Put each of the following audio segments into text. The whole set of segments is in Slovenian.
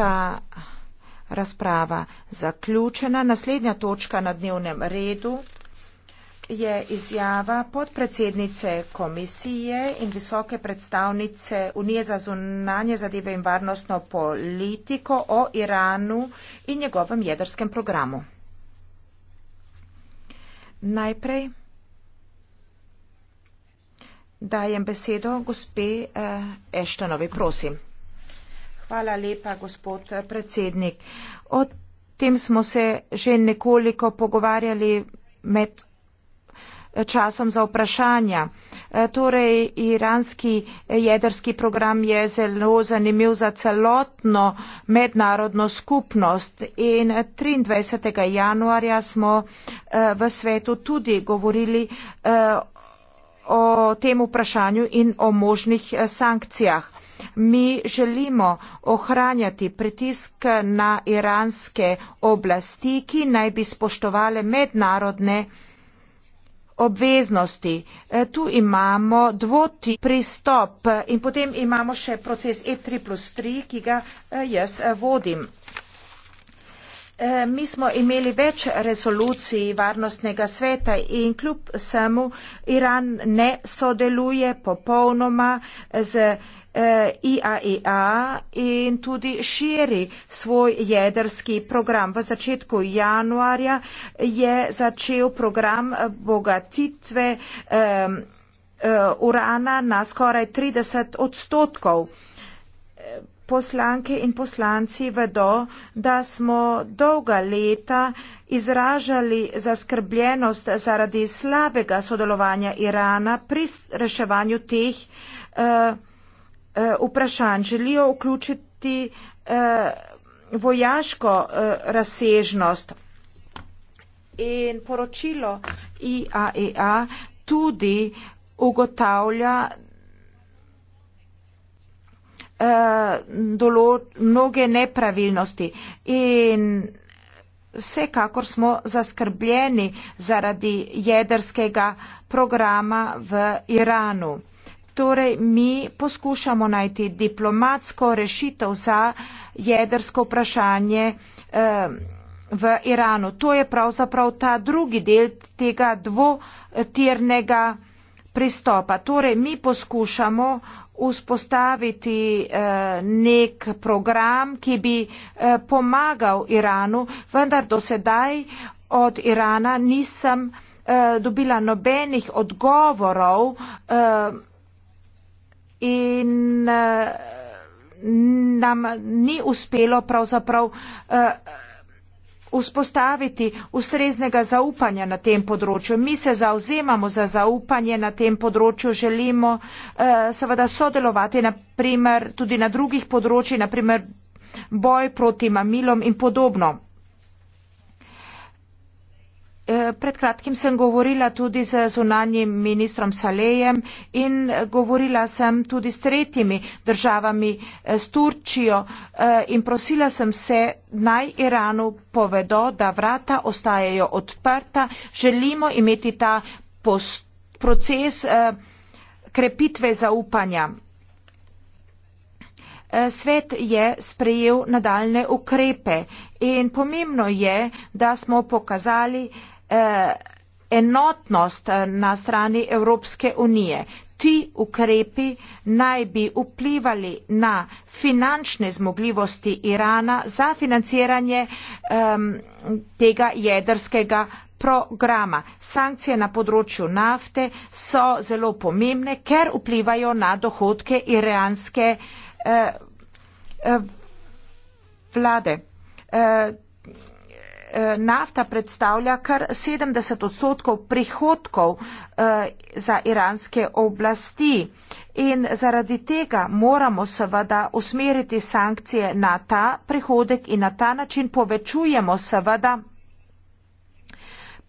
ta razprava zaključena. Naslednja točka na dnevnem redu je izjava podpredsednice komisije in visoke predstavnice Unije za zunanje zadeve in varnostno politiko o Iranu in njegovem jedrskem programu. Najprej dajem besedo gospe Eštanovi, eh, prosim. Hvala lepa, gospod predsednik. O tem smo se že nekoliko pogovarjali med časom za vprašanja. E, torej, iranski jedrski program je zelo zanimiv za celotno mednarodno skupnost in 23. januarja smo e, v svetu tudi govorili e, o tem vprašanju in o možnih sankcijah. Mi želimo ohranjati pritisk na iranske oblasti, ki naj bi spoštovale mednarodne obveznosti. E, tu imamo dvoti pristop in potem imamo še proces E3 plus 3, ki ga e, jaz e, vodim. Mi smo imeli več resolucij Varnostnega sveta in kljub samu Iran ne sodeluje popolnoma z. IAEA e in tudi širi svoj jedrski program. V začetku januarja je začel program bogatitve eh, urana na skoraj 30 odstotkov. Poslanke in poslanci vedo, da smo dolga leta izražali zaskrbljenost zaradi slabega sodelovanja Irana pri reševanju teh uh, Eh, vprašanj. Želijo vključiti eh, vojaško eh, razsežnost in poročilo IAEA e tudi ugotavlja eh, dolo, mnoge nepravilnosti in vsekakor smo zaskrbljeni zaradi jedrskega programa v Iranu torej mi poskušamo najti diplomatsko rešitev za jedrsko vprašanje eh, v Iranu. To je pravzaprav ta drugi del tega dvotirnega pristopa. Torej, mi poskušamo vzpostaviti eh, nek program, ki bi eh, pomagal Iranu, vendar do sedaj od Irana nisem dobila nobenih odgovorov, in uh, nam ni uspelo pravzaprav uh, vzpostaviti ustreznega zaupanja na tem področju. Mi se zauzemamo za zaupanje na tem področju, želimo uh, seveda sodelovati naprimer, tudi na drugih področjih, naprimer boj proti mamilom in podobno pred kratkim sem govorila tudi z zunanjim ministrom Salejem in govorila sem tudi s tretjimi državami, eh, s Turčijo eh, in prosila sem vse naj Iranu povedo, da vrata ostajajo odprta, želimo imeti ta proces eh, krepitve zaupanja. Svet je sprejel nadaljne ukrepe in pomembno je, da smo pokazali, eh, enotnost eh, na strani Evropske unije. Ti ukrepi naj bi vplivali na finančne zmogljivosti Irana za financiranje um, tega jedrskega programa. Sankcije na področju nafte so zelo pomembne, ker vplivajo na dohodke iranske uh, uh, vlade. Uh, Eh, nafta predstavlja kar 70 odstotkov prihodkov eh, za iranske oblasti. In zaradi tega moramo seveda usmeriti sankcije na ta prihodek in na ta način povečujemo seveda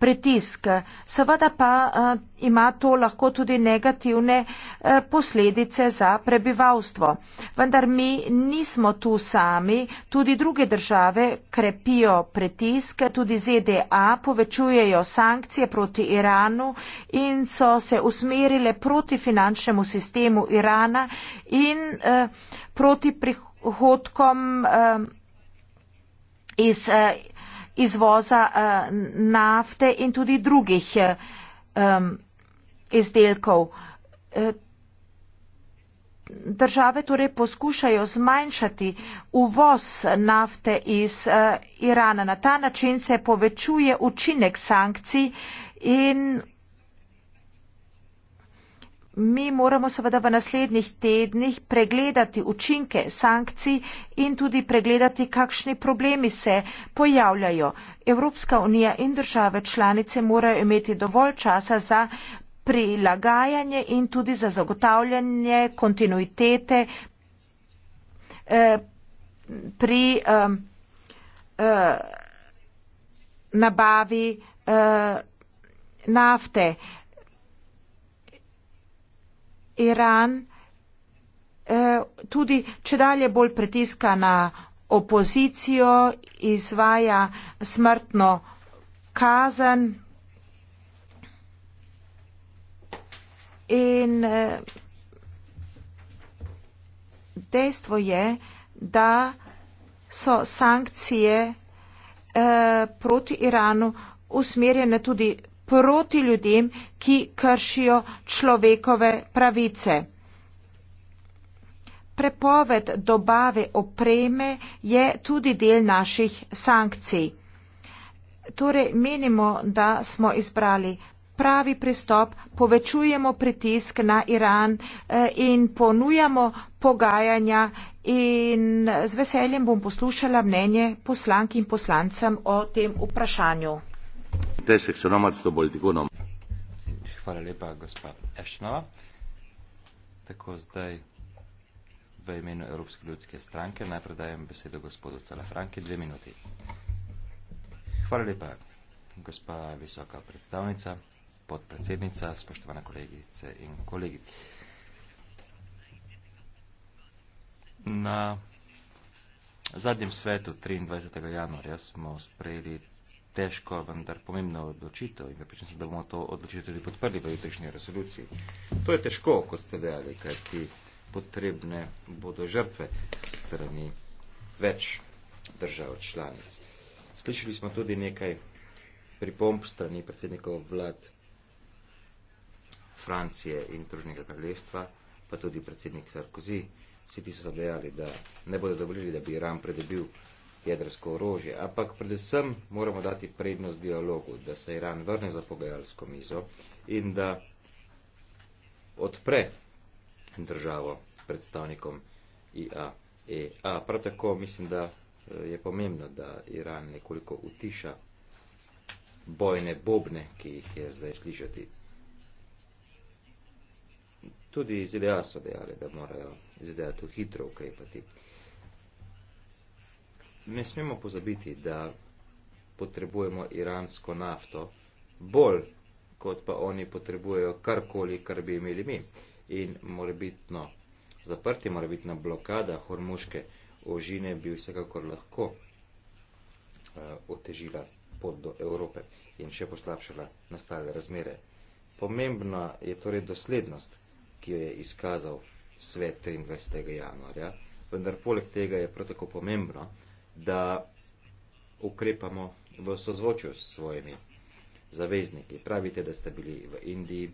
pritisk. Seveda pa uh, ima to lahko tudi negativne uh, posledice za prebivalstvo. Vendar mi nismo tu sami, tudi druge države krepijo pritisk, tudi ZDA povečujejo sankcije proti Iranu in so se usmerile proti finančnemu sistemu Irana in uh, proti prihodkom uh, iz. Uh, izvoza eh, nafte in tudi drugih eh, izdelkov. Eh, države torej poskušajo zmanjšati uvoz nafte iz Irana. Na ta način se povečuje učinek sankcij in Mi moramo seveda v naslednjih tednih pregledati učinke sankcij in tudi pregledati, kakšni problemi se pojavljajo. Evropska unija in države članice morajo imeti dovolj časa za prilagajanje in tudi za zagotavljanje kontinuitete eh, pri eh, eh, nabavi nafte. Iran eh, tudi če dalje bolj pritiska na opozicijo, izvaja smrtno kazen in eh, dejstvo je, da so sankcije eh, proti Iranu usmerjene tudi proti ljudem, ki kršijo človekove pravice. Prepoved dobave opreme je tudi del naših sankcij. Torej menimo, da smo izbrali pravi pristop, povečujemo pritisk na Iran eh, in ponujamo pogajanja in z veseljem bom poslušala mnenje poslank in poslancem o tem vprašanju. Tesek se nama to politiko nam. Hvala lepa, gospa Ešnova. Tako zdaj v imenu Evropske ljudske stranke najprej dajem besedo gospodu Celafranki dve minuti. Hvala lepa, gospa visoka predstavnica, podpredsednica, spoštovana kolegice in kolegi. Na zadnjem svetu 23. januarja smo sprejeli težko, vendar pomembno odločitev in pripričan sem, da bomo to odločitev tudi podprli v jutrišnji resoluciji. To je težko, kot ste dejali, kajti potrebne bodo žrtve strani več držav članic. Slišali smo tudi nekaj pripomp strani predsednikov vlad Francije in Združnega kraljestva, pa tudi predsednik Sarkozy. Vsi ti so dejali, da ne bodo dovolili, da bi Iran predebil jedrsko orožje, ampak predvsem moramo dati prednost dialogu, da se Iran vrne za pogajalsko mizo in da odpre državo predstavnikom IA. E, a, prav tako mislim, da eh, je pomembno, da Iran nekoliko utiša bojne bobne, ki jih je zdaj slišati. Tudi ZDA so dejali, da morajo ZDA tu hitro ukrepati. Okay, ne smemo pozabiti, da potrebujemo iransko nafto bolj, kot pa oni potrebujejo karkoli, kar bi imeli mi. In morebitno zaprti, morebitna blokada hormuške ožine bi vsekakor lahko uh, otežila pot do Evrope in še poslabšala nastale razmere. Pomembna je torej doslednost, ki jo je izkazal svet 23. januarja, vendar poleg tega je prav tako pomembno, da ukrepamo v sozvočju s svojimi zavezniki. Pravite, da ste bili v Indiji.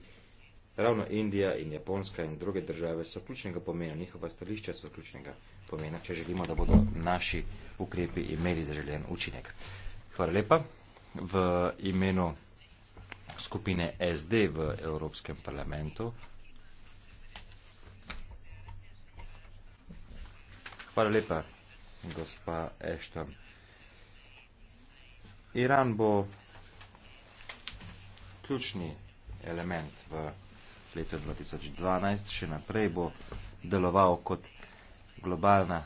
Ravno Indija in Japonska in druge države so ključnega pomena, njihova stališča so ključnega pomena, če želimo, da bodo naši ukrepi imeli zaželen učinek. Hvala lepa. V imenu skupine SD v Evropskem parlamentu. Hvala lepa gospa Ešton. Iran bo ključni element v letu 2012, še naprej bo deloval kot globalna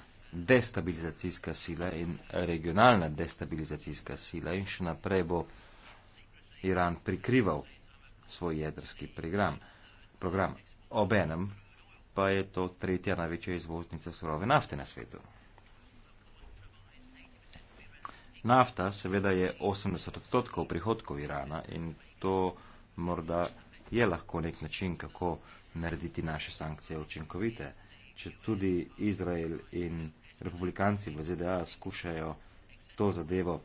destabilizacijska sila in regionalna destabilizacijska sila in še naprej bo Iran prikrival svoj jedrski program. program. Obenem pa je to tretja največja izvoznica surove nafte na svetu. Nafta seveda je 80 odstotkov prihodkov Irana in to morda je lahko nek način, kako narediti naše sankcije učinkovite. Če tudi Izrael in republikanci v ZDA skušajo to zadevo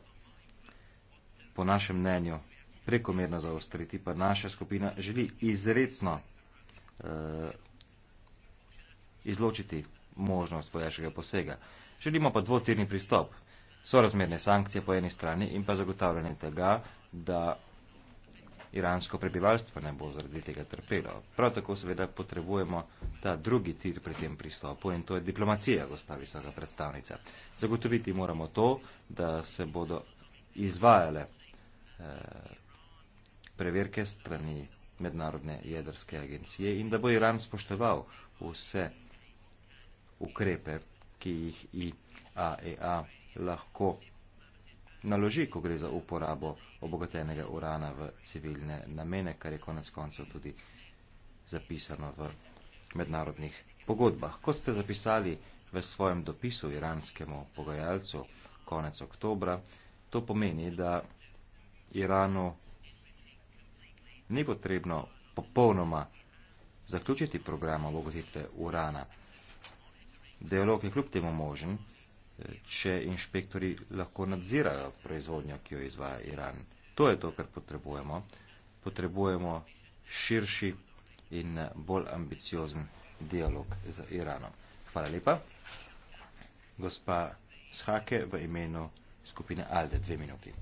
po našem mnenju prekomerno zaostriti, pa naša skupina želi izredno eh, izločiti možnost vojaškega posega. Želimo pa dvotirni pristop sorazmerne sankcije po eni strani in pa zagotavljanje tega, da iransko prebivalstvo ne bo zaradi tega trpelo. Prav tako seveda potrebujemo ta drugi tir pri tem pristopu in to je diplomacija, gospa visoka predstavnica. Zagotoviti moramo to, da se bodo izvajale eh, preverke strani mednarodne jedrske agencije in da bo Iran spoštoval vse ukrepe, ki jih IAEA e lahko naloži, ko gre za uporabo obogatenega urana v civilne namene, kar je konec koncev tudi zapisano v mednarodnih pogodbah. Kot ste zapisali v svojem dopisu iranskemu pogajalcu konec oktobra, to pomeni, da Iranu ni potrebno popolnoma zaključiti programa obogatitve urana. Dialog je kljub temu možen če inšpektori lahko nadzirajo proizvodnjo, ki jo izvaja Iran. To je to, kar potrebujemo. Potrebujemo širši in bolj ambiciozen dialog z Iranom. Hvala lepa. Gospa Shake v imenu skupine Alde, dve minuti.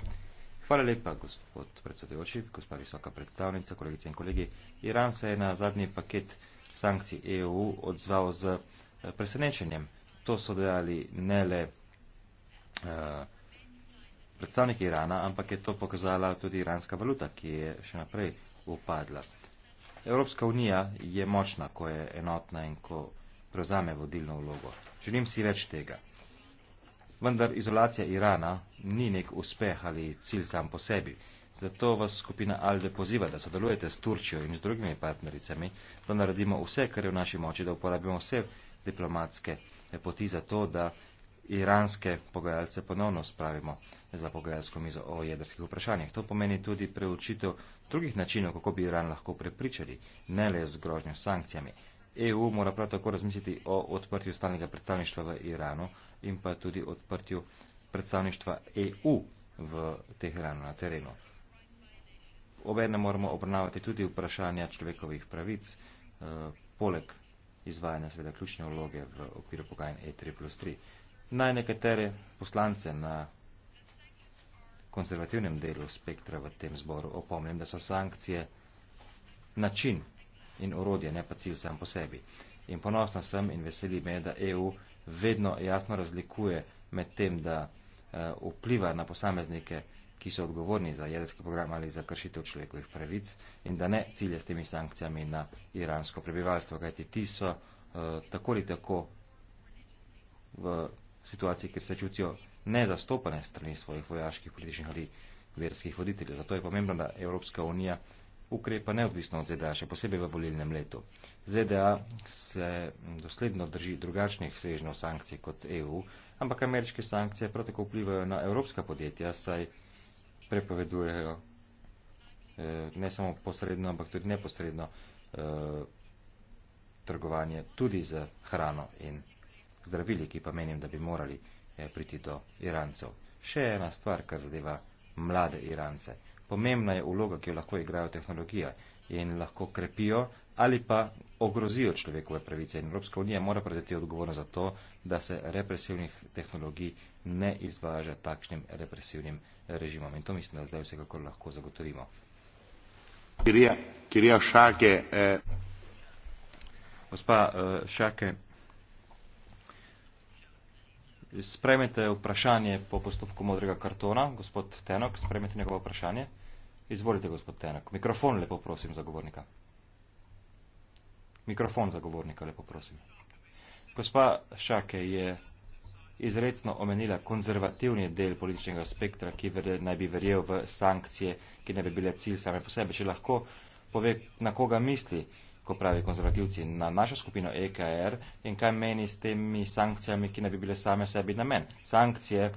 Hvala lepa, gospod predsedujoči, gospa visoka predstavnica, kolegice in kolegi. Iran se je na zadnji paket sankcij EU odzval z presenečenjem. To so dejali ne le uh, predstavniki Irana, ampak je to pokazala tudi iranska valuta, ki je še naprej upadla. Evropska unija je močna, ko je enotna in ko prevzame vodilno vlogo. Želim si več tega. Vendar izolacija Irana ni nek uspeh ali cilj sam po sebi. Zato vas skupina Alde poziva, da sodelujete s Turčijo in z drugimi partnericami, da naredimo vse, kar je v naši moči, da uporabimo vse diplomatske poti za to, da iranske pogajalce ponovno spravimo za pogajalsko mizo o jedrskih vprašanjih. To pomeni tudi preučitev drugih načinov, kako bi Iran lahko prepričali, ne le z grožnjo sankcijami. EU mora prav tako razmisliti o odprtju stalnega predstavništva v Iranu in pa tudi odprtju predstavništva EU v Teheranu na terenu. Obenem moramo obravnavati tudi vprašanja človekovih pravic, eh, poleg izvajanja seveda ključne vloge v okviru pogajanj E3 plus 3. Naj nekatere poslance na konzervativnem delu spektra v tem zboru opomnim, da so sankcije način in orodje, ne pa cilj sam po sebi. In ponosna sem in veseli me, da EU vedno jasno razlikuje med tem, da uh, vpliva na posameznike uh, ki so odgovorni za jedrski program ali za kršitev človekovih pravic in da ne cilje s temi sankcijami na iransko prebivalstvo, kajti ti so uh, tako ali tako v situaciji, kjer se čutijo nezastopane strani svojih vojaških, političnih ali verskih voditeljev. Zato je pomembno, da Evropska unija ukrepa neodvisno od ZDA, še posebej v volilnem letu. ZDA se mm, dosledno drži drugačnih svežnjo sankcij kot EU, ampak ameriške sankcije prav tako vplivajo na evropska podjetja, saj prepovedujejo, e, ne samo posredno, ampak tudi neposredno e, trgovanje tudi z hrano in zdravili, ki pa menim, da bi morali e, priti do Irancev. Še ena stvar, kar zadeva mlade Irance. Pomembna je uloga, ki jo lahko igrajo tehnologije in lahko krepijo ali pa ogrozijo človekove pravice. In Evropska unija mora prevzeti odgovornost za to, da se represivnih tehnologij ne izvaža takšnim represivnim režimom. In to mislim, da zdaj vsekakor lahko zagotovimo. Kirija, kirija Šake. Eh. Gospa eh, Šake, spremete vprašanje po postopku modrega kartona. Gospod Tenok, spremete njegovo vprašanje. Izvolite, gospod Tenok. Mikrofon lepo prosim za govornika. Mikrofon za govornika, lepo prosim. Gospa Šake je izredno omenila konzervativni del političnega spektra, ki naj bi verjel v sankcije, ki ne bi bile cilj same po sebi. Če lahko pove, na koga misli, ko pravi konzervativci, na našo skupino EKR in kaj meni s temi sankcijami, ki ne bi bile same sebi namen. Sankcije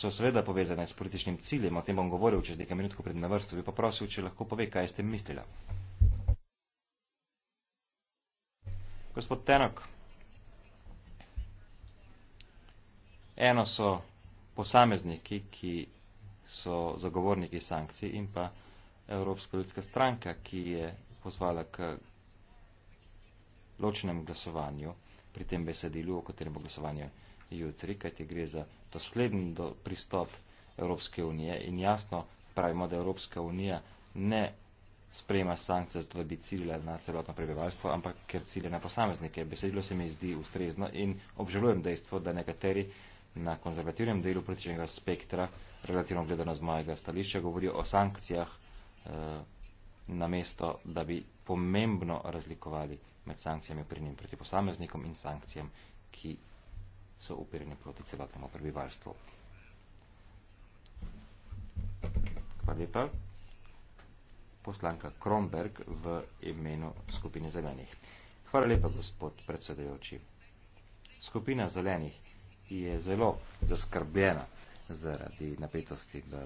so seveda povezane s političnim ciljem, o tem bom govoril čez nekaj minut, ko pred na vrstu, bi pa prosil, če lahko pove, kaj ste mislila. Gospod Tenok, eno so posamezniki, ki so zagovorniki sankcij in pa Evropska ljudska stranka, ki je pozvala k ločnem glasovanju pri tem besedilu, o katerem bo glasovanje jutri, kajti gre za dosleden do pristop Evropske unije in jasno pravimo, da Evropska unija ne sprejema sankcije, zato da bi ciljila na celotno prebivalstvo, ampak ker cilja na posameznike. Besedilo se mi zdi ustrezno in obžalujem dejstvo, da nekateri na konzervativnem delu političnega spektra, relativno gledano z mojega stališča, govorijo o sankcijah eh, na mesto, da bi pomembno razlikovali med sankcijami uprinjenim proti posameznikom in sankcijam, ki so uprinjeni proti celotnemu prebivalstvu. Hvala lepa poslanka Kromberg v imenu skupine zelenih. Hvala lepa, gospod predsedajoči. Skupina zelenih je zelo zaskrbljena zaradi napetosti v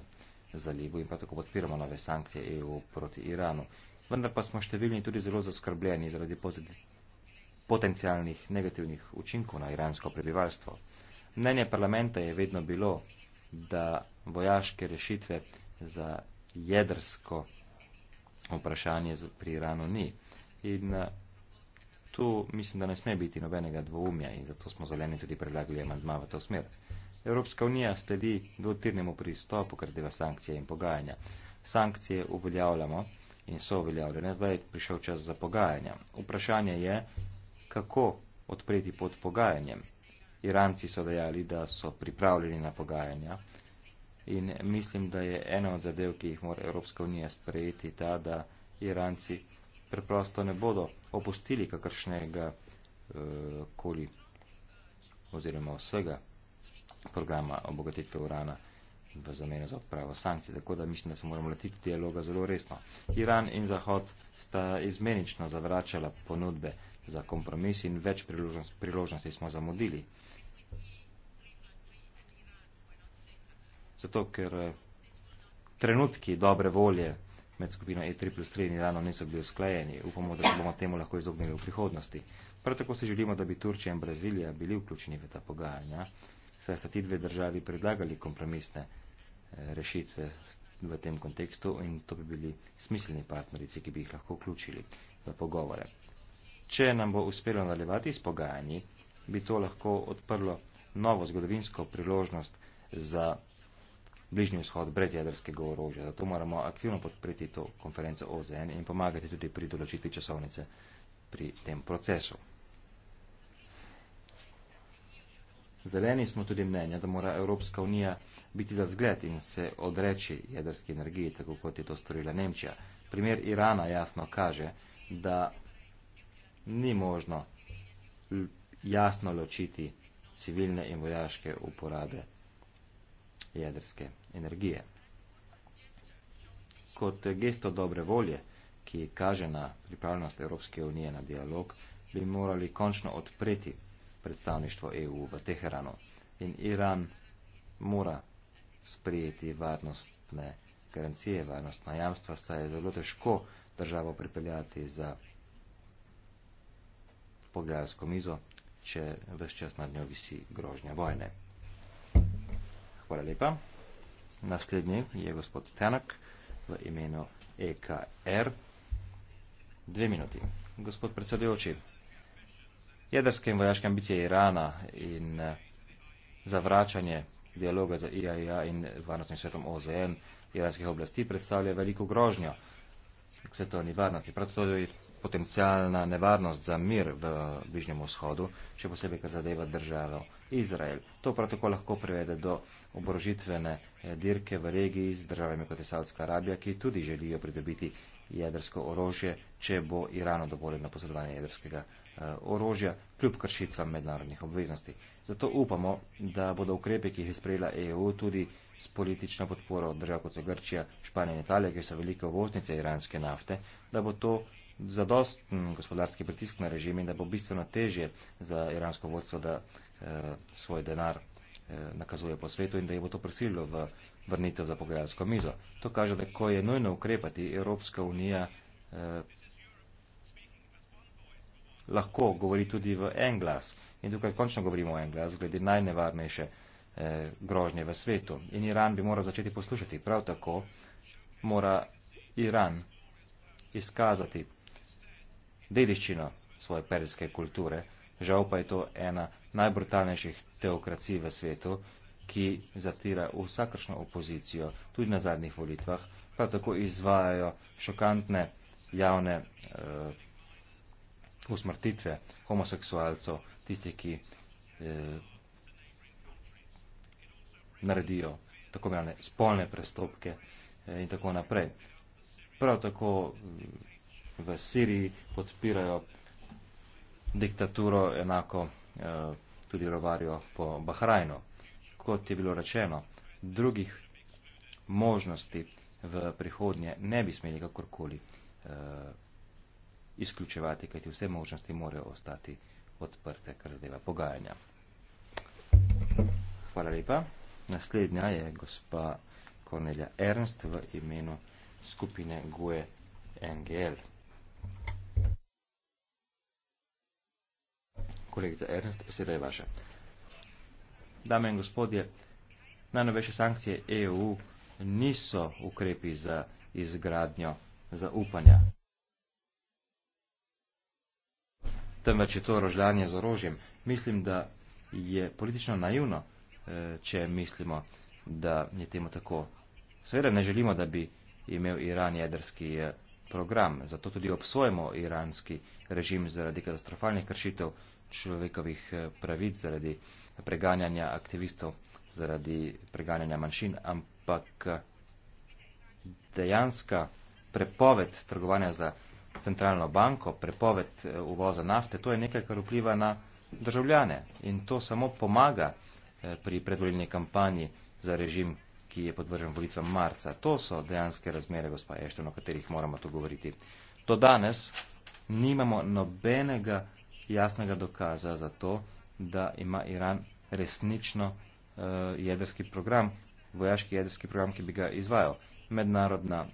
zalivu in pa tako podpiramo nove sankcije EU proti Iranu. Vendar pa smo številni tudi zelo zaskrbljeni zaradi potencijalnih negativnih učinkov na iransko prebivalstvo. Mnenje parlamenta je vedno bilo, da vojaške rešitve za jedrsko vprašanje pri Iranu ni. In eh, tu mislim, da ne sme biti nobenega dvoumja in zato smo zeleni tudi predlagali amandma v to smer. Evropska unija sledi dvotirnemu pristopu, kar deva sankcije in pogajanja. Sankcije uveljavljamo in so uveljavljene, zdaj je prišel čas za pogajanja. Vprašanje je, kako odpreti pod pogajanjem. Iranci so dejali, da so pripravljeni na pogajanja in mislim, da je ena od zadev, ki jih mora Evropska unija sprejeti, ta, da Iranci preprosto ne bodo opustili kakršnega uh, koli oziroma vsega programa obogatitve urana v zameno za odpravo sankcij. Tako da mislim, da se moramo letiti dialoga zelo resno. Iran in Zahod sta izmenično zavračala ponudbe za kompromis in več priložnosti smo zamudili. zato ker eh, trenutki dobre volje med skupino E3 plus 3 in Iranom niso bili usklajeni. Upamo, da se bomo temu lahko izognili v prihodnosti. Prav tako si želimo, da bi Turčija in Brazilija bili vključeni v ta pogajanja, saj sta ti dve državi predlagali kompromisne eh, rešitve v tem kontekstu in to bi bili smiselni partnerici, ki bi jih lahko vključili v pogovore. Če nam bo uspelo nadaljevati s pogajanji, bi to lahko odprlo novo zgodovinsko priložnost za bližnji vzhod brez jedrskega orožja. Zato moramo aktivno podpreti to konferenco OZN in pomagati tudi pri določitvi časovnice pri tem procesu. Zeleni smo tudi mnenja, da mora Evropska unija biti za zgled in se odreči jedrski energiji, tako kot je to storila Nemčija. Primer Irana jasno kaže, da ni možno jasno ločiti civilne in vojaške uporabe jedrske energije. Kot gesto dobre volje, ki kaže na pripravljenost Evropske unije na dialog, bi morali končno odpreti predstavništvo EU v Teheranu in Iran mora sprijeti varnostne garancije, varnostna jamstva, saj je zelo težko državo pripeljati za pogajalsko mizo, če vse čas nad njo visi grožnja vojne. Hvala lepa. Naslednji je gospod Tanak v imenu EKR. Dve minuti. Gospod predsedujoči, jedrske in vojaške ambicije Irana in eh, zavračanje dialoga za IAEA in varnostnim svetom OZN iranskih oblasti predstavlja veliko grožnjo svetovni varnosti. Prav to potencijalna nevarnost za mir v Bližnjem vzhodu, še posebej, kar zadeva državo Izrael. To prav tako lahko privede do oborožitvene eh, dirke v regiji z državami kot je Saudska Arabija, ki tudi želijo pridobiti jedrsko orožje, če bo Iranu dovoljeno posedovanje jedrskega eh, orožja, kljub kršitvam mednarodnih obveznosti. Zato upamo, da bodo ukrepe, ki jih je sprejela EU, tudi s politično podporo držav kot so Grčija, Španija in Italija, ki so velike uvoznice iranske nafte, da bo to zadosten gospodarski pritisk na režim in da bo bistveno težje za iransko vodstvo, da eh, svoj denar eh, nakazuje po svetu in da je bo to prisililo v vrnitev za pogajalsko mizo. To kaže, da ko je nujno ukrepati, Evropska unija eh, lahko govori tudi v en glas. In tukaj končno govorimo o en glas, glede najnevarnejše eh, grožnje v svetu. In Iran bi moral začeti poslušati. Prav tako mora Iran izkazati dediščino svoje perske kulture, žal pa je to ena najbrutalnejših teokracij v svetu, ki zatira vsakršno opozicijo, tudi na zadnjih volitvah, pa tako izvajajo šokantne javne eh, usmrtitve homoseksualcev, tistih, ki eh, naredijo tako imenovane spolne prestopke eh, in tako naprej. Prav tako v Siriji podpirajo diktaturo, enako eh, tudi rovarijo po Bahrajnu. Kot je bilo rečeno, drugih možnosti v prihodnje ne bi smeli kakorkoli eh, izključevati, kajti vse možnosti morajo ostati odprte, kar zadeva pogajanja. Hvala lepa. Naslednja je gospa Kornelja Ernst v imenu skupine GUE NGL. Kolegica Ernst, beseda je vaša. Dame in gospodje, najnovejše sankcije EU niso ukrepi za izgradnjo zaupanja. Temveč je to roždanje z orožjem. Mislim, da je politično naivno, eh, če mislimo, da je temu tako. Seveda ne želimo, da bi imel Iran jedrski eh, program, zato tudi obsojemo iranski režim zaradi katastrofalnih kršitev človekovih eh, pravic, zaradi preganjanja aktivistov, zaradi preganjanja manjšin, ampak eh, dejanska prepoved trgovanja za centralno banko, prepoved eh, uvoza nafte, to je nekaj, kar vpliva na državljane in to samo pomaga pri predvoljeni kampanji za režim, ki je podvržen volitvam marca. To so dejanske razmere, gospa Ešten, o katerih moramo tu govoriti. Do danes nimamo nobenega jasnega dokaza za to, da ima Iran resnično uh, jedrski program, vojaški jedrski program, ki bi ga izvajal. Mednarodna uh,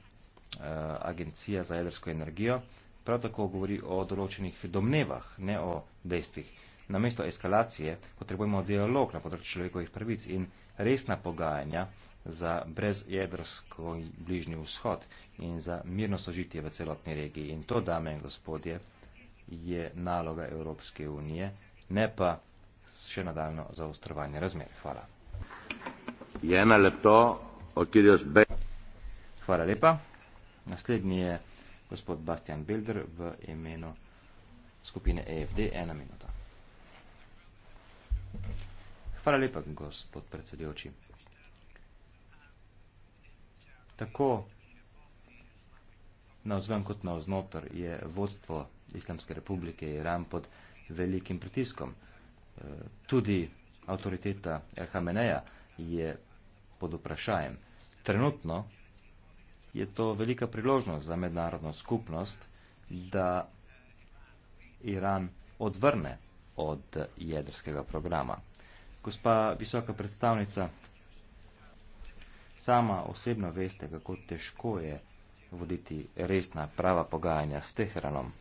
agencija za jedrsko energijo prav tako govori o določenih domnevah, ne o dejstvih. Na mesto eskalacije potrebujemo dialog na področju človekovih pravic in resna pogajanja za brezjedrsko bližnji vzhod in za mirno sožitje v celotni regiji. In to, dame in gospodje, je naloga Evropske unije, ne pa še nadaljno zaostrovanje razmer. Hvala. Jena lepto, okirjos be. Hvala lepa. Naslednji je gospod Bastian Bilder v imenu skupine EFD. Ena minuta. Hvala lepa, gospod predsedujoči. Tako na vzven kot na vznotr je vodstvo Islamske republike Iran pod velikim pritiskom. E, tudi avtoriteta El Hameneja je pod vprašajem. Trenutno je to velika priložnost za mednarodno skupnost, da Iran odvrne od jedrskega programa. Gospa visoka predstavnica, sama osebno veste, kako težko je voditi resna prava pogajanja s Teheranom.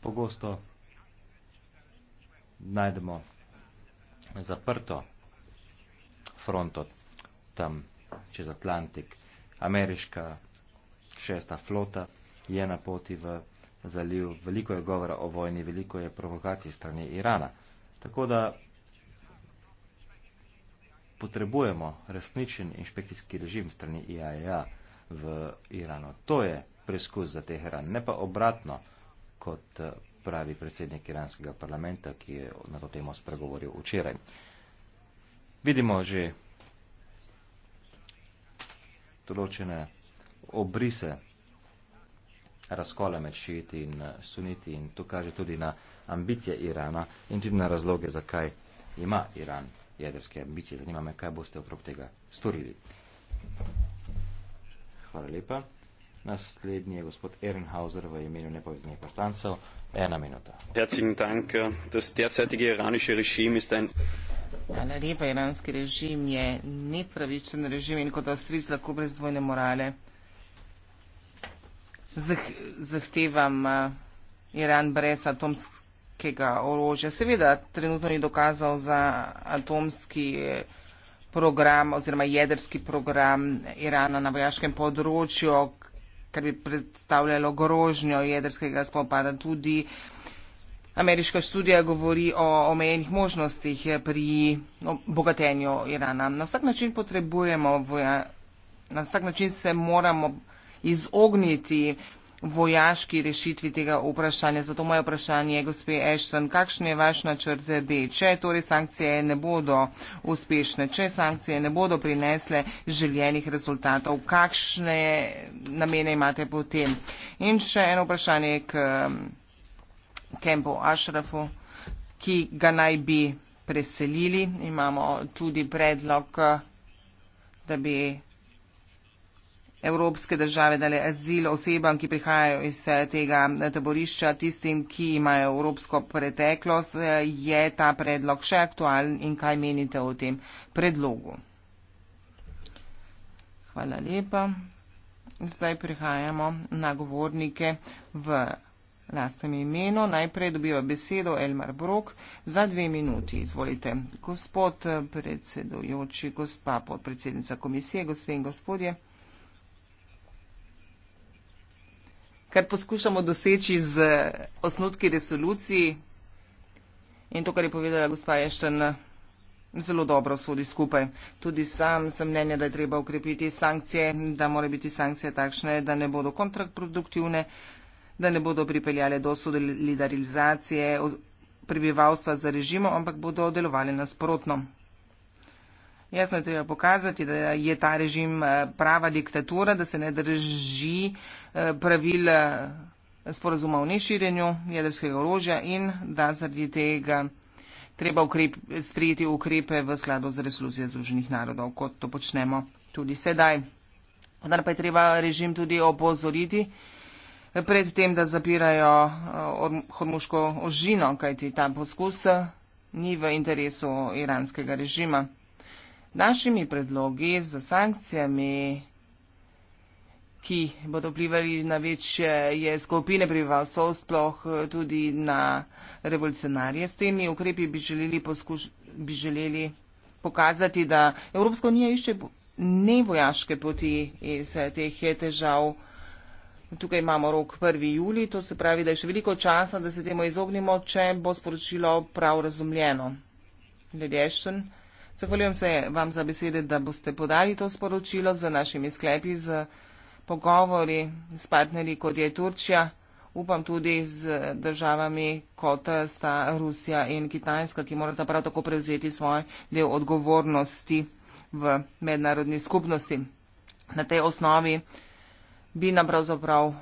Pogosto najdemo zaprto fronto tam čez Atlantik. Ameriška šesta flota je na poti v zaliv. Veliko je govora o vojni, veliko je provokacij strani Irana. Tako da potrebujemo resničen inšpekcijski režim strani IAEA e v Iranu. To je preskus za Teheran, ne pa obratno, kot eh, pravi predsednik iranskega parlamenta, ki je na to temo spregovoril včeraj. Vidimo že določene obrise razkola med šiiti in eh, suniti in to kaže tudi na ambicije Irana in tudi na razloge, zakaj ima Iran jedrske ambicije. Zanima me, kaj boste okrog tega storili. Hvala lepa. Naslednji je gospod Ehrenhauser v imenu nepoveznih poslancev. Ena minuta. Hvala lepa. Iranski režim je nepravičen režim in kot avstrijc lahko brez dvojne morale zahtevam eh, Iran brez atomskih atomskega orožja. Seveda, trenutno ni dokazal za atomski program oziroma jedrski program Irana na vojaškem področju, kar bi predstavljalo grožnjo jedrskega spopada. Tudi ameriška študija govori o omejenih možnostih pri bogatenju Irana. Na vsak način potrebujemo, voja, na vsak način se moramo izogniti vojaški rešitvi tega vprašanja. Zato moje vprašanje, gospe Ashton, kakšen je vaš načrt B? Če torej sankcije ne bodo uspešne, če sankcije ne bodo prinesle željenih rezultatov, kakšne namene imate potem? In še eno vprašanje k Kempu um, Ashrafu, ki ga naj bi preselili. Imamo tudi predlog, da bi evropske države dali azil osebam, ki prihajajo iz eh, tega eh, taborišča, tistim, ki imajo evropsko preteklost. Eh, je ta predlog še aktualen in kaj menite o tem predlogu? Hvala lepa. Zdaj prihajamo na govornike v lastnem imenu. Najprej dobiva besedo Elmar Brok za dve minuti. Izvolite, gospod predsedujoči, gospa podpredsednica komisije, gospe in gospodje. kar poskušamo doseči z osnutki resoluciji in to, kar je povedala gospa Ešten, zelo dobro sodi skupaj. Tudi sam sem mnenja, da je treba ukrepiti sankcije, da mora biti sankcije takšne, da ne bodo kontraproduktivne, da ne bodo pripeljale do solidarizacije prebivalstva za režimo, ampak bodo delovali nasprotno. Jasno je treba pokazati, da je ta režim eh, prava diktatura, da se ne drži eh, pravil eh, sporazuma o neširjenju jedrskega orožja in da zaradi tega treba ukrep, sprijeti ukrepe v skladu z resolucijo Združenih narodov, kot to počnemo tudi sedaj. Vendar pa je treba režim tudi opozoriti pred tem, da zapirajo hormuško ožino, kajti ta poskus ni v interesu iranskega režima. Našimi predlogi za sankcijami, ki bodo vplivali na večje je skupine prebivalstva, sploh tudi na revolucionarje, s temi ukrepi bi želeli, poskuš, bi želeli pokazati, da Evropska unija išče ne vojaške poti iz teh težav. Tukaj imamo rok 1. juli, to se pravi, da je še veliko časa, da se temu izognimo, če bo sporočilo prav razumljeno. Ledeščen. Zahvaljujem se vam za besede, da boste podali to sporočilo z našimi sklepi, z pogovori s partnerji, kot je Turčja, upam tudi z državami, kot sta Rusija in Kitajska, ki morata prav tako prevzeti svoj del odgovornosti v mednarodni skupnosti. Na tej osnovi bi nam pravzaprav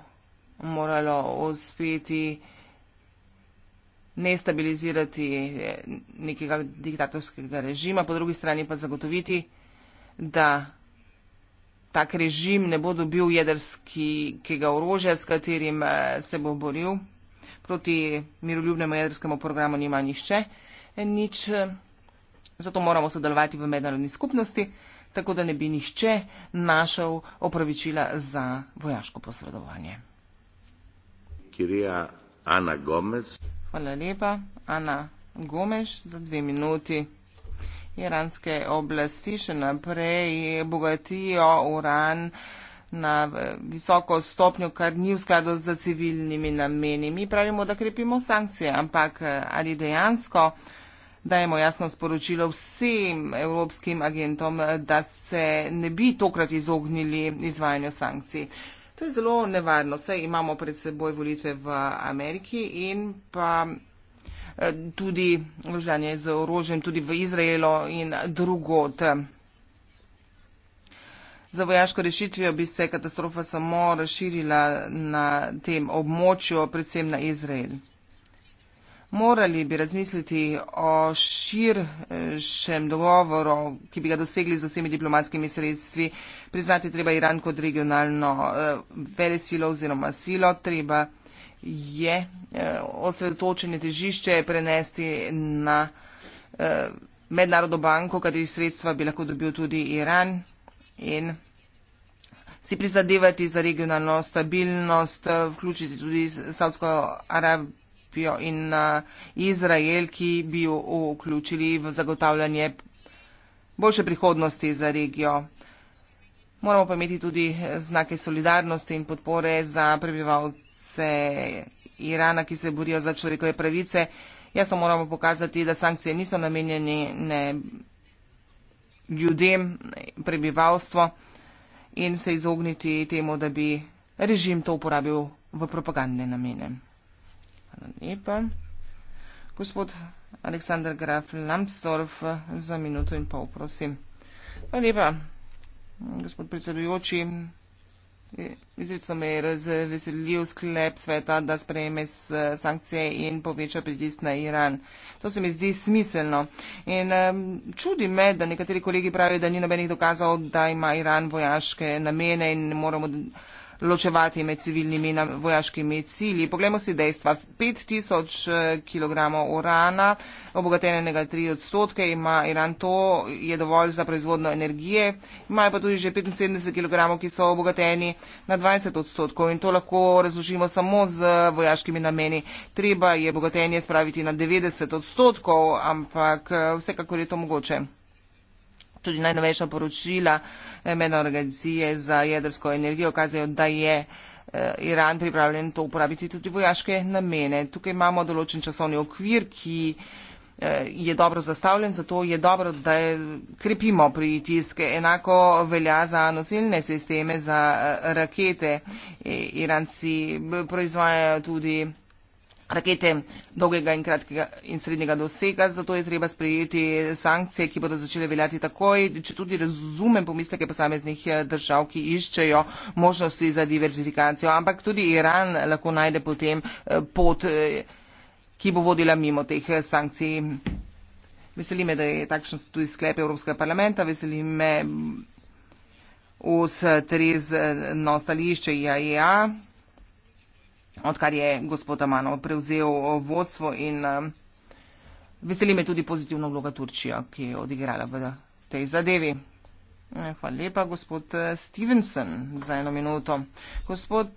moralo uspeti ne stabilizirati eh, nekega diktatorskega režima, po drugi strani pa zagotoviti, da tak režim ne bo dobil jedrskega orožja, s katerim eh, se bo boril. Proti miroljubnemu jedrskemu programu nima nišče eh, nič, zato moramo sodelovati v mednarodni skupnosti, tako da ne bi nišče našel opravičila za vojaško posredovanje. Kirija Ana Gomez. Hvala lepa. Ana Gomeš za dve minuti. Iranske oblasti še naprej bogatijo uran na visoko stopnjo, kar ni v skladu z civilnimi nameni. Mi pravimo, da krepimo sankcije, ampak ali dejansko dajemo jasno sporočilo vsem evropskim agentom, da se ne bi tokrat izognili izvajanju sankcij. To je zelo nevarno. Saj imamo pred seboj volitve v Ameriki in pa eh, tudi vložanje z orožjem tudi v Izraelo in drugot. Za vojaško rešitvijo bi se katastrofa samo razširila na tem območju, predvsem na Izrael. Morali bi razmisliti o širšem dogovoru, ki bi ga dosegli z vsemi diplomatskimi sredstvi. Priznati treba Iran kot regionalno eh, velesilo oziroma silo. Treba je eh, osredotočene težišče prenesti na eh, mednarodno banko, katerih sredstva bi lahko dobil tudi Iran in si prizadevati za regionalno stabilnost, vključiti tudi Savsko Arabijo Etiopijo in eh, Izrael, ki bi jo vključili v zagotavljanje boljše prihodnosti za regijo. Moramo pa imeti tudi eh, znake solidarnosti in podpore za prebivalce Irana, ki se borijo za človekove pravice. Jasno moramo pokazati, da sankcije niso namenjeni ne ljudem, prebivalstvo in se izogniti temu, da bi režim to uporabil v propagandne namene. Hvala lepa. Gospod Aleksandr Graf Lambsdorff, za minuto in pol, prosim. Hvala lepa, gospod predsedujoči. Izredno me je razveselil sklep sveta, da sprejme sankcije in poveča pritisk na Iran. To se mi zdi smiselno. In čudi me, da nekateri kolegi pravijo, da ni nobenih dokazov, da ima Iran vojaške namene in moramo ločevati med civilnimi in vojaškimi cilji. Poglejmo si dejstva. 5000 eh, kg urana, obogatenega 3 odstotke, ima Iran to, je dovolj za proizvodno energije. Imajo pa tudi že 75 kg, ki so obogateni na 20 odstotkov in to lahko razložimo samo z vojaškimi nameni. Treba je obogatenje spraviti na 90 odstotkov, ampak eh, vsekakor je to mogoče. Tudi najnovejša poročila eh, Medna organizacije za jedrsko energijo kazajo, da je eh, Iran pripravljen to uporabiti tudi vojaške namene. Tukaj imamo določen časovni okvir, ki eh, je dobro zastavljen, zato je dobro, da je, krepimo pritiske. Enako velja za nosilne sisteme, za rakete. Iranci proizvajajo tudi rakete dolgega in kratkega in srednjega dosega, zato je treba sprejeti sankcije, ki bodo začele veljati takoj, če tudi razumem pomisleke posameznih eh, držav, ki iščejo možnosti za diverzifikacijo, ampak tudi Iran lahko najde potem eh, pot, eh, ki bo vodila mimo teh sankcij. Veseli me, da je takšen tudi sklep Evropskega parlamenta, veseli me vse trez nostališče IAEA odkar je gospod Amano prevzel eh, vodstvo in eh, veseli me tudi pozitivna vloga Turčija, ki je odigrala v tej zadevi. Ja, hvala lepa, gospod eh, Stevenson, za eno minuto. Gospod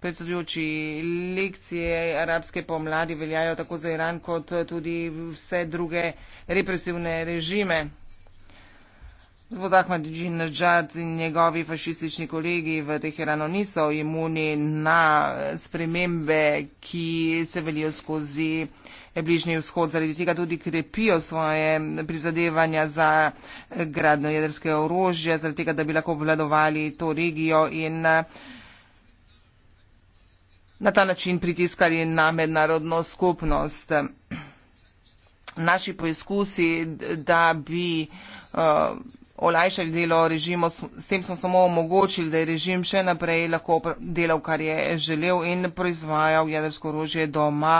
predsedujoči, lekcije arabske pomladi veljajo tako za Iran kot tudi vse druge represivne režime. Gospod Ahmed Džin Nadžad in njegovi fašistični kolegi v Teheranu niso imuni na spremembe, ki se velijo skozi eh, bližnji vzhod. Zaradi tega tudi krepijo svoje prizadevanja za eh, gradno jedrske orožje, zaradi tega, da bi lahko obvladovali to regijo in eh, na ta način pritiskali na mednarodno skupnost. Naši poizkusi, da bi uh, olajšali delo režimu, s tem smo samo omogočili, da je režim še naprej lahko delal, kar je želel in proizvajal jedrsko orožje doma,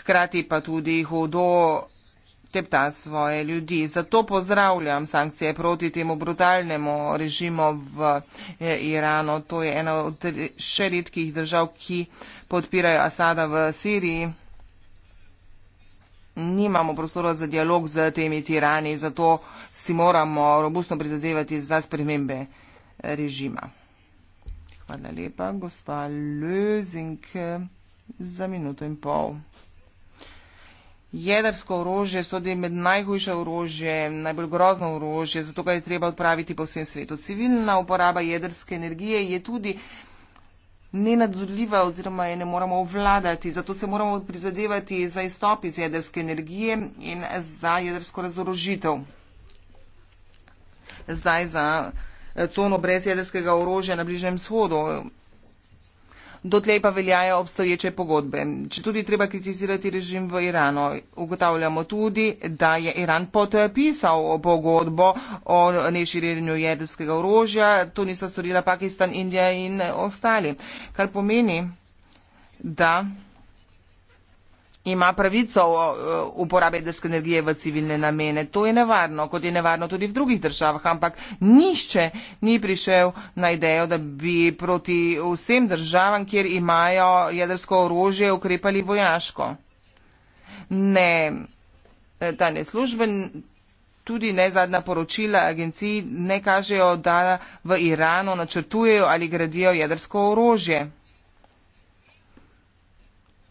hkrati pa tudi hudo tepta svoje ljudi. Zato pozdravljam sankcije proti temu brutalnemu režimu v eh, Iranu. To je ena od še redkih držav, ki podpirajo Asada v Siriji nimamo prostora za dialog z temi tirani, zato si moramo robustno prizadevati za spremembe eh, režima. Hvala lepa, gospa Lözing, za minuto in pol. Jedrsko orožje sodi med najhujše orožje, najbolj grozno orožje, zato ga je treba odpraviti po vsem svetu. Civilna uporaba jedrske energije je tudi nenadzorljiva oziroma je ne moramo vladati. Zato se moramo prizadevati za izstop iz jedrske energije in za jedrsko razorožitev. Zdaj za eh, cono brez jedrskega orožja na Bližnem shodu dotlej pa veljajo obstoječe pogodbe. Če tudi treba kritizirati režim v Iranu, ugotavljamo tudi, da je Iran podpisal pogodbo o neširjenju jedrskega orožja, to nista storila Pakistan, Indija in ostali, kar pomeni, da ima pravico uporabe jedrske energije v civilne namene. To je nevarno, kot je nevarno tudi v drugih državah, ampak nišče ni prišel na idejo, da bi proti vsem državam, kjer imajo jedrsko orožje, ukrepali vojaško. Ne, e, ta ne služben, tudi ne zadnja poročila agencij ne kažejo, da v Iranu načrtujejo ali gradijo jedrsko orožje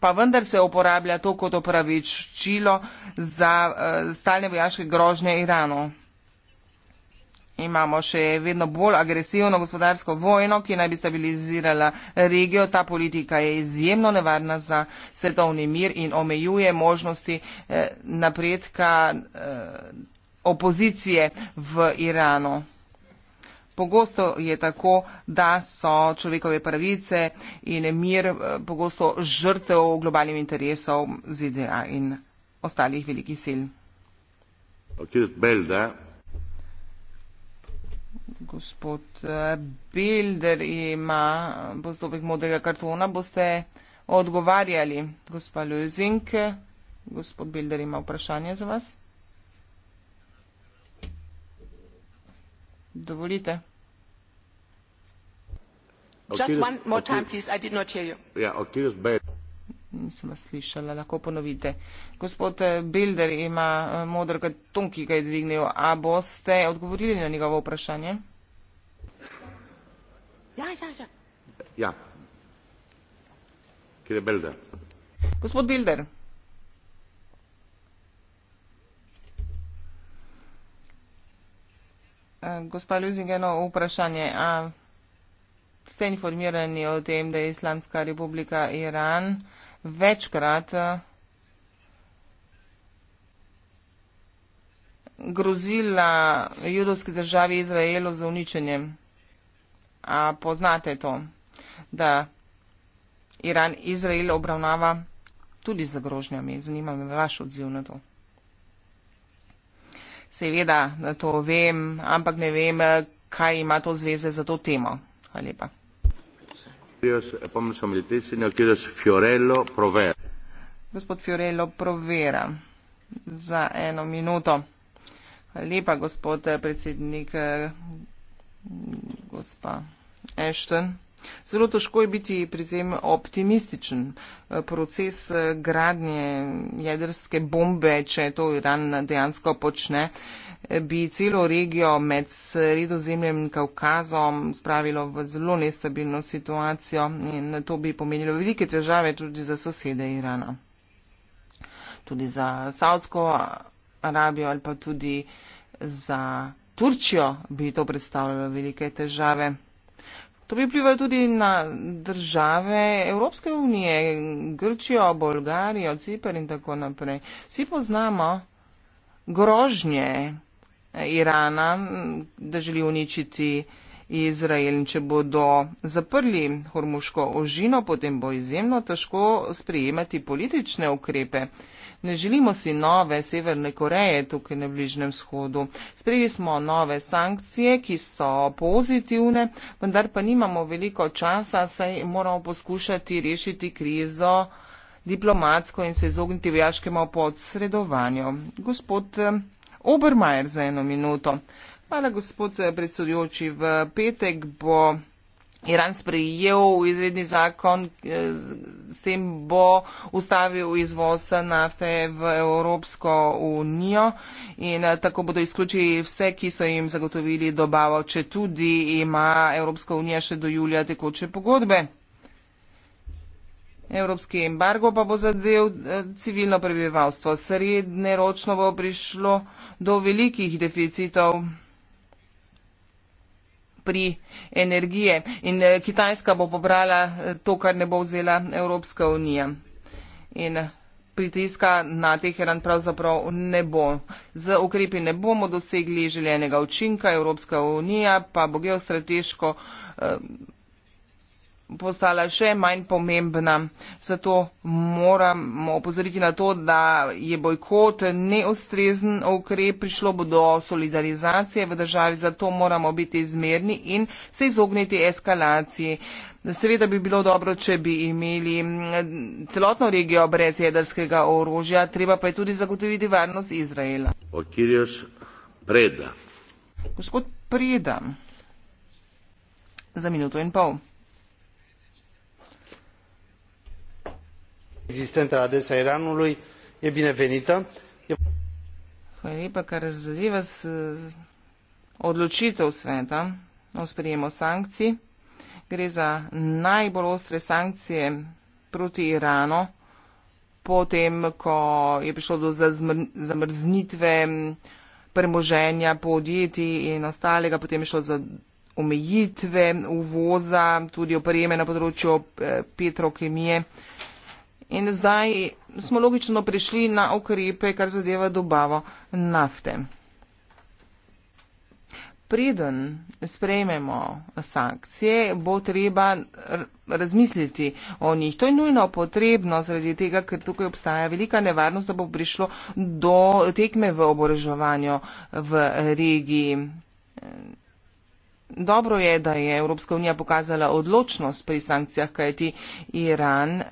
pa vendar se uporablja to kot opravičilo za uh, stalne vojaške grožnje Iranu. Imamo še vedno bolj agresivno gospodarsko vojno, ki naj bi stabilizirala regijo. Ta politika je izjemno nevarna za svetovni mir in omejuje možnosti eh, napredka eh, opozicije v Iranu. Pogosto je tako, da so človekove pravice in mir eh, pogosto žrtev globalnim interesov ZDA in ostalih velikih sil. Gospod eh, Bilder ima postopek modrega kartona. Boste odgovarjali, gospa Ljuzink. Gospod Bilder ima vprašanje za vas. dovolite. Oh, Just one more oh, time, please. I did not hear you. Yeah, okay, it's bad. Nisem vas slišala, lahko ponovite. Gospod eh, Bilder ima eh, modr karton, ki ga je dvignil. A boste odgovorili na njegovo vprašanje? Ja, ja, ja. Ja. Kje je Bilder? Gospod Bilder. Eh, gospa Ljuzing, eno vprašanje. A ste informirani o tem, da je Islamska republika Iran večkrat eh, grozila judovski državi Izraelu z uničenjem? A poznate to, da Iran Izrael obravnava tudi z grožnjami? Zanima me vaš odziv na to. Seveda, da to vem, ampak ne vem, kaj ima to zveze za to temo. Hvala lepa. Gospod Fiorello, provera za eno minuto. Hvala lepa, gospod predsednik, gospa Ashton. Zelo težko je biti pri tem optimističen. Eh, proces eh, gradnje jedrske bombe, če to Iran dejansko počne, eh, bi celo regijo med sredozemljem in Kaukazom spravilo v zelo nestabilno situacijo in to bi pomenilo velike težave tudi za sosede Irana. Tudi za Saudsko Arabijo ali pa tudi za Turčijo bi to predstavljalo velike težave. To bi vplivalo tudi na države Evropske unije, Grčijo, Bolgarijo, Cipr in tako naprej. Vsi poznamo grožnje Irana, da želi uničiti Izrael. Če bodo zaprli hormuško ožino, potem bo izjemno težko sprijemati politične ukrepe. Ne želimo si nove Severne Koreje tukaj na Bližnem shodu. Sprejeli smo nove sankcije, ki so pozitivne, vendar pa nimamo veliko časa, saj moramo poskušati rešiti krizo diplomatsko in se izogniti vojaškemu podsredovanju. Gospod eh, Obermajer za eno minuto. Hvala, gospod eh, predsedujoči. V petek bo. Iran sprejel izredni zakon, eh, s tem bo ustavil izvoz nafte v Evropsko unijo in eh, tako bodo izključili vse, ki so jim zagotovili dobavo, če tudi ima Evropska unija še do julija tekoče pogodbe. Evropski embargo pa bo zadev eh, civilno prebivalstvo. Srednje ročno bo prišlo do velikih deficitov pri energije in eh, Kitajska bo pobrala eh, to, kar ne bo vzela Evropska unija. In pritiska na Teheran pravzaprav ne bo. Z ukrepi ne bomo dosegli željenega učinka, Evropska unija pa bo geostrateško. Eh, postala še manj pomembna. Zato moramo opozoriti na to, da je bojkot neustrezen ukrep, prišlo bo do solidarizacije v državi, zato moramo biti izmerni in se izogniti eskalaciji. Seveda bi bilo dobro, če bi imeli celotno regijo brez jedrskega orožja, treba pa je tudi zagotoviti varnost Izraela. Preda. Gospod Preda, za minuto in pol. existente la adresa iranului e binevenită. E- odločitev sveta o sprejemu sankcij. Gre za najbolj ostre sankcije proti Iranu, potem, ko je prišlo do zamrznitve premoženja podjetij in ostalega, potem je šlo za omejitve uvoza, tudi opreme na področju eh, petrokemije. In zdaj smo logično prišli na ukrepe, kar zadeva dobavo nafte. Preden sprejmemo sankcije, bo treba razmisliti o njih. To je nujno potrebno zaradi tega, ker tukaj obstaja velika nevarnost, da bo prišlo do tekme v oboroževanju v regiji. Dobro je, da je Evropska unija pokazala odločnost pri sankcijah, kajti Iran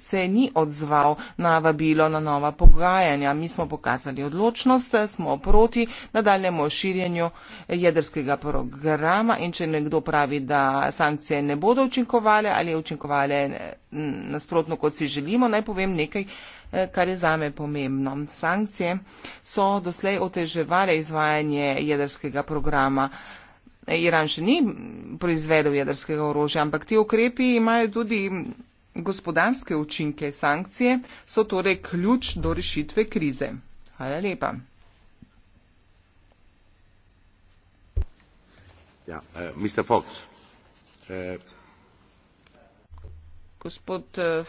se ni odzval na vabilo na nova pogajanja. Mi smo pokazali odločnost, smo proti nadaljemu širjenju jedrskega programa in če nekdo pravi, da sankcije ne bodo učinkovale ali učinkovale eh, nasprotno, kot si želimo, naj povem nekaj eh, kar je zame pomembno. Sankcije so doslej oteževale izvajanje jedrskega programa. Iran še ni proizvedel jedrskega orožja, ampak ti ukrepi imajo tudi Gospodarske učinke sankcije so torej ključ do rešitve krize. Hvala lepa. Ja, uh, eh, Mr. Fox. Uh, Gospod uh,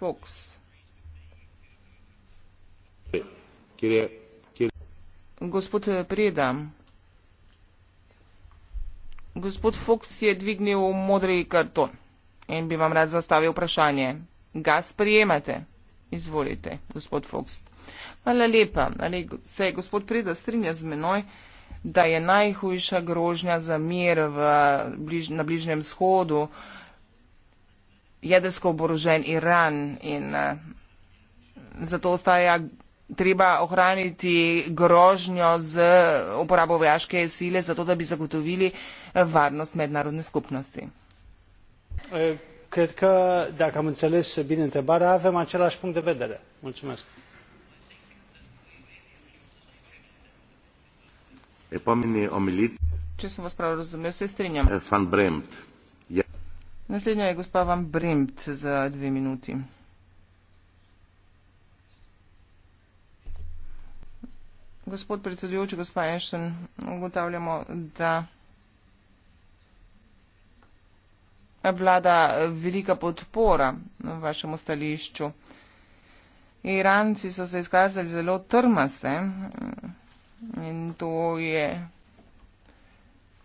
Fox. Kjer je, kjer... Gospod Preda. Gospod Fox je dvignil modri karton in bi vam rad zastavil vprašanje. Ga sprijemate? Izvolite, gospod Foks. Hvala lepa. Ali se je gospod Preda strinja z menoj, da je najhujša grožnja za mir v, bliž, na Bližnjem shodu jedrsko oborožen Iran in uh, zato ostaja treba ohraniti grožnjo z uporabo vojaške sile, zato da bi zagotovili eh, varnost mednarodne skupnosti. E, cred că, dacă am înțeles bine întrebarea, avem același punct de vedere. Mulțumesc. E Ce să vă spun, rozumiu, se strinem. E Van Bremt. Naslednja je gospa Van Bremt za dve minuti. Gospod predsedujoči, gospa Ešen, ugotavljamo, da vlada eh, velika podpora vašemu stališču. Iranci so se izkazali zelo trmaste mm, in to je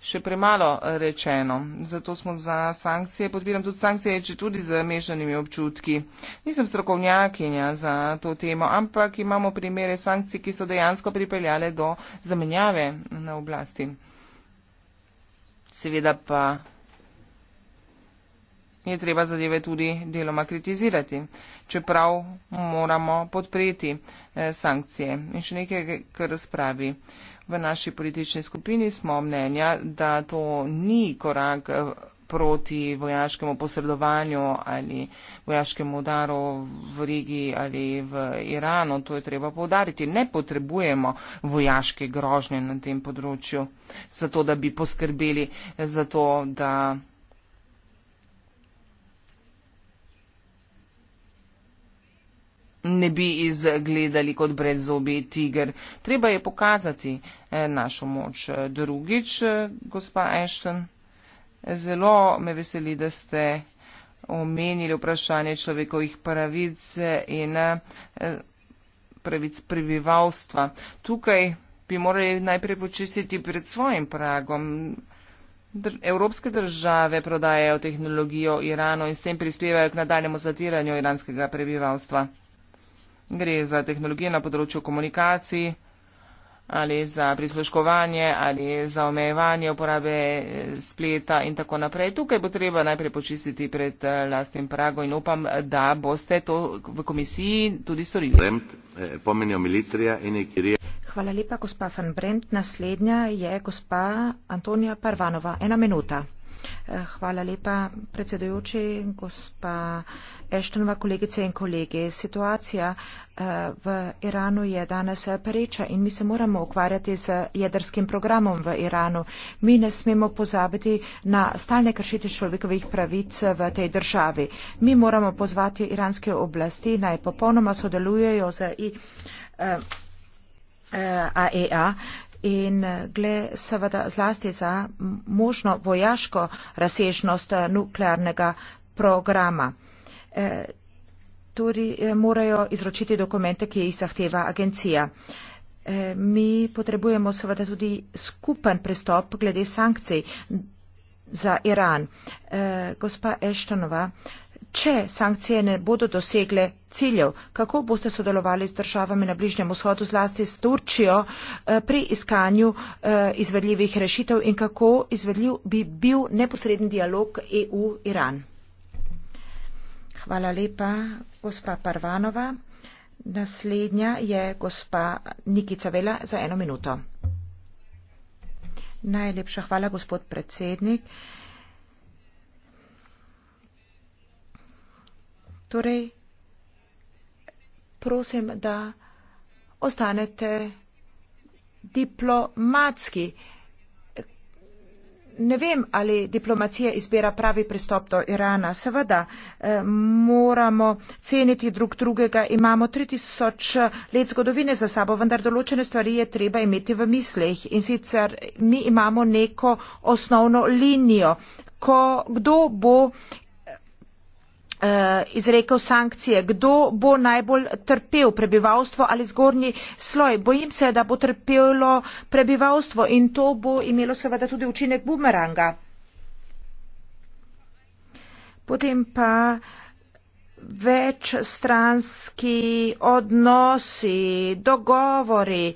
še premalo rečeno. Zato smo za sankcije, podpiram tudi sankcije, če tudi z mešanimi občutki. Nisem strokovnjakinja za to temo, ampak imamo primere sankcij, ki so dejansko pripeljale do zamenjave na oblasti. Seveda pa je treba zadeve tudi deloma kritizirati, čeprav moramo podpreti eh, sankcije. In še nekaj k razpravi. V naši politični skupini smo mnenja, da to ni korak eh, proti vojaškemu posredovanju ali vojaškemu udaru v regiji ali v Iranu. To je treba povdariti. Ne potrebujemo vojaške grožnje na tem področju, zato da bi poskrbeli za to, da ne bi izgledali kot brezobi tiger. Treba je pokazati eh, našo moč. Eh, drugič, eh, gospa Ashton, zelo me veseli, da ste omenili vprašanje človekovih pravic in pravic prebivalstva. Tukaj bi morali najprej počistiti pred svojim pragom. Dr Evropske države prodajajo tehnologijo Iranu in s tem prispevajo k nadaljemu zatiranju iranskega prebivalstva gre za tehnologije na področju komunikacij ali za prisluškovanje ali za omejevanje uporabe eh, spleta in tako naprej. Tukaj bo treba najprej počistiti pred eh, lastnim pragom in upam, da boste to v komisiji tudi storili. Eh, Hvala lepa, gospa Van Brent. Naslednja je gospa Antonija Parvanova. Ena minuta. Eh, hvala lepa, predsedujoči, gospa Eštenova, kolegice in kolegi. Situacija eh, v Iranu je danes pereča in mi se moramo ukvarjati z jedrskim programom v Iranu. Mi ne smemo pozabiti na stalne kršitve človekovih pravic v tej državi. Mi moramo pozvati iranske oblasti naj popolnoma sodelujejo z. AEA, in eh, gle seveda zlasti za možno vojaško razsežnost eh, nuklearnega programa. E, tudi morajo izročiti dokumente, ki jih zahteva agencija. E, mi potrebujemo seveda tudi skupen pristop glede sankcij za Iran. E, gospa Eštonova, če sankcije ne bodo dosegle ciljev, kako boste sodelovali z državami na Bližnjem vzhodu, zlasti s Turčijo, eh, pri iskanju eh, izvedljivih rešitev in kako izvedljiv bi bil neposreden dialog EU-Iran? Hvala lepa, gospa Parvanova. Naslednja je gospa Nikica Vela za eno minuto. Najlepša hvala, gospod predsednik. Uh, Torej, prosim, da ostanete diplomatski. Ne vem, ali diplomacija izbira pravi pristop do Irana. Seveda eh, moramo ceniti drug drugega. Imamo 3000 let zgodovine za sabo, vendar določene stvari je treba imeti v mislih. In sicer mi imamo neko osnovno linijo. Ko, kdo bo Eh, izrekel sankcije. Kdo bo najbolj trpel, prebivalstvo ali zgornji sloj? Bojim se, da bo trpelo prebivalstvo in to bo imelo seveda tudi učinek bumeranga. Potem pa večstranski odnosi, dogovori.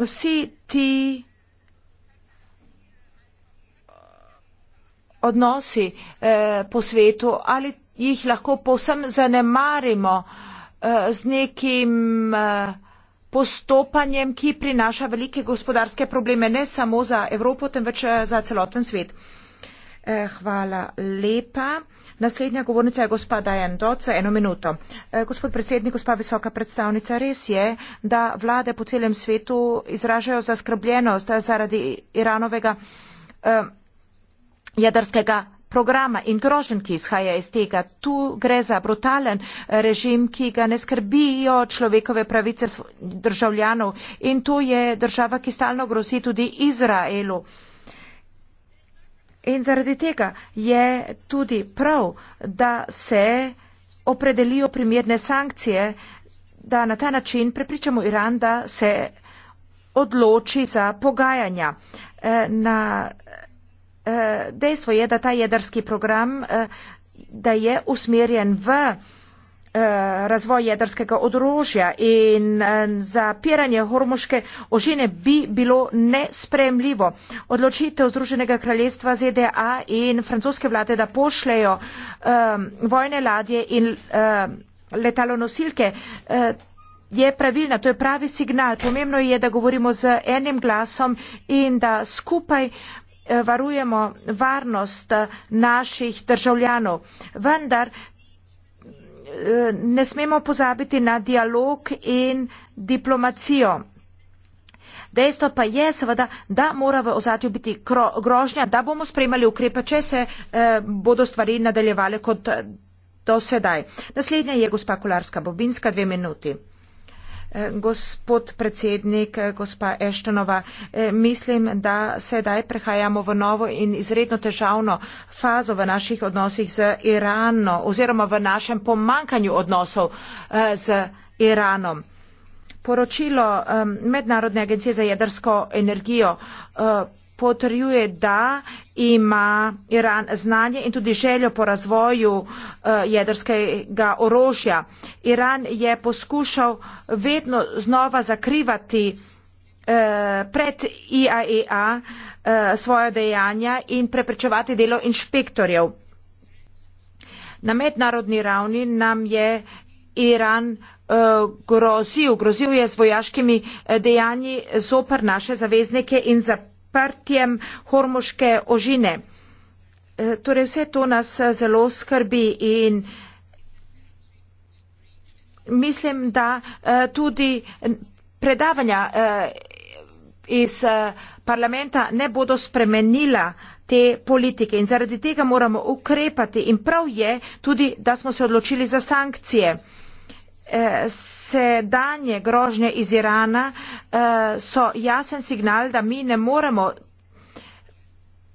Vsi ti odnosi eh, po svetu ali jih lahko povsem zanemarimo eh, z nekim eh, postopanjem, ki prinaša velike gospodarske probleme ne samo za Evropo, temveč eh, za celoten svet. Eh, hvala lepa. Naslednja govornica je gospa Dajan Doc za eno minuto. Eh, gospod predsednik, gospa visoka predstavnica, res je, da vlade po celem svetu izražajo zaskrbljenost eh, zaradi Iranovega jedrskega programa in grožen, ki izhaja iz tega. Tu gre za brutalen eh, režim, ki ga ne skrbijo človekove pravice državljanov in tu je država, ki stalno grozi tudi Izraelu. In zaradi tega je tudi prav, da se opredelijo primerne sankcije, da na ta način prepričamo Iran, da se odloči za pogajanja. Eh, na dejstvo je, da ta jedrski program, eh, da je usmerjen v eh, razvoj jedrskega odrožja in eh, zapiranje hormoške ožine bi bilo nespremljivo. Odločitev Združenega kraljestva ZDA in francoske vlade, da pošljajo vojne ladje in letalo nosilke, je pravilna, to je pravi signal. Pomembno je, da govorimo z enim glasom in da skupaj Eh, varujemo varnost eh, naših državljanov. Vendar eh, ne smemo pozabiti na dialog in diplomacijo. Dejstvo pa je seveda, da mora v ozadju biti grožnja, da bomo spremljali ukrepe, če se bodo stvari nadaljevale kot do sedaj. Naslednja je gospa Kolarska Bobinska, dve minuti. Gospod predsednik, gospa Eštonova, eh, mislim, da sedaj prehajamo v novo in izredno težavno fazo v naših odnosih z Iranom oziroma v našem pomankanju odnosov eh, z Iranom. Poročilo eh, Mednarodne agencije za jedrsko energijo potrjuje, da ima Iran znanje in tudi željo po razvoju eh, jedrskega orožja. Iran je poskušal vedno znova zakrivati eh, pred IAEA eh, svoje dejanja in preprečevati delo inšpektorjev. Na mednarodni ravni nam je Iran grozil, grozil je z vojaškimi dejanji zoper naše zaveznike in zapisnike odprtjem hormoške ožine. E, torej vse to nas e, zelo skrbi in mislim, da e, tudi predavanja iz parlamenta ne bodo spremenila te politike in zaradi tega moramo ukrepati in prav je tudi, da smo se odločili za sankcije. Eh, se danje grožnje iz Irana eh, so jasen signal, da mi ne moremo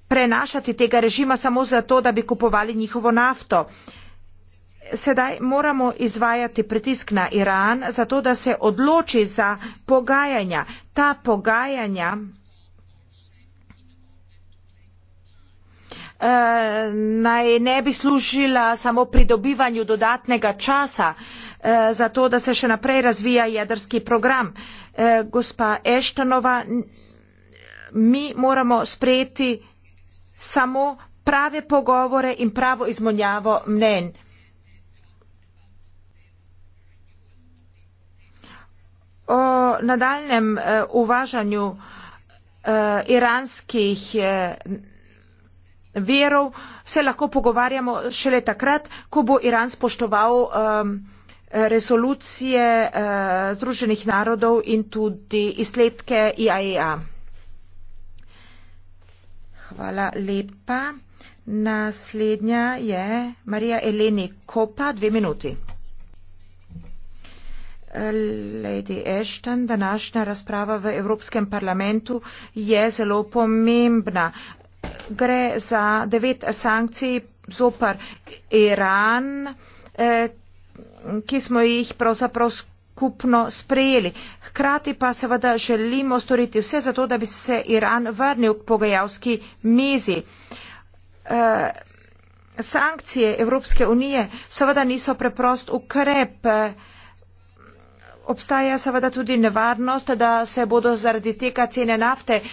prenašati tega režima samo zato, da bi kupovali njihovo nafto. Sedaj moramo izvajati pritisk na Iran, zato da se odloči za pogajanja. Ta pogajanja eh, naj ne bi služila samo pridobivanju dodatnega časa, Eh, za to, da se še naprej razvija jedrski program. Eh, gospa Eštanova, mi moramo sprejeti samo prave pogovore in pravo izmonjavo mnenj. O nadaljem eh, uvažanju iranskih verov se lahko pogovarjamo šele takrat, ko bo Iran spoštoval um, resolucije eh, Združenih narodov in tudi izsledke IAEA. E Hvala lepa. Naslednja je Marija Eleni Kopa, dve minuti. Lady Ashton, današnja razprava v Evropskem parlamentu je zelo pomembna. Gre za devet sankcij zopar Iran, eh, ki smo jih pravzaprav skupno sprejeli. Hkrati pa seveda želimo storiti vse za to, da bi se Iran vrnil k pogajalski mizi. E, sankcije Evropske unije seveda niso preprost ukrep. E, obstaja seveda tudi nevarnost, da se bodo zaradi tega cene nafte eh,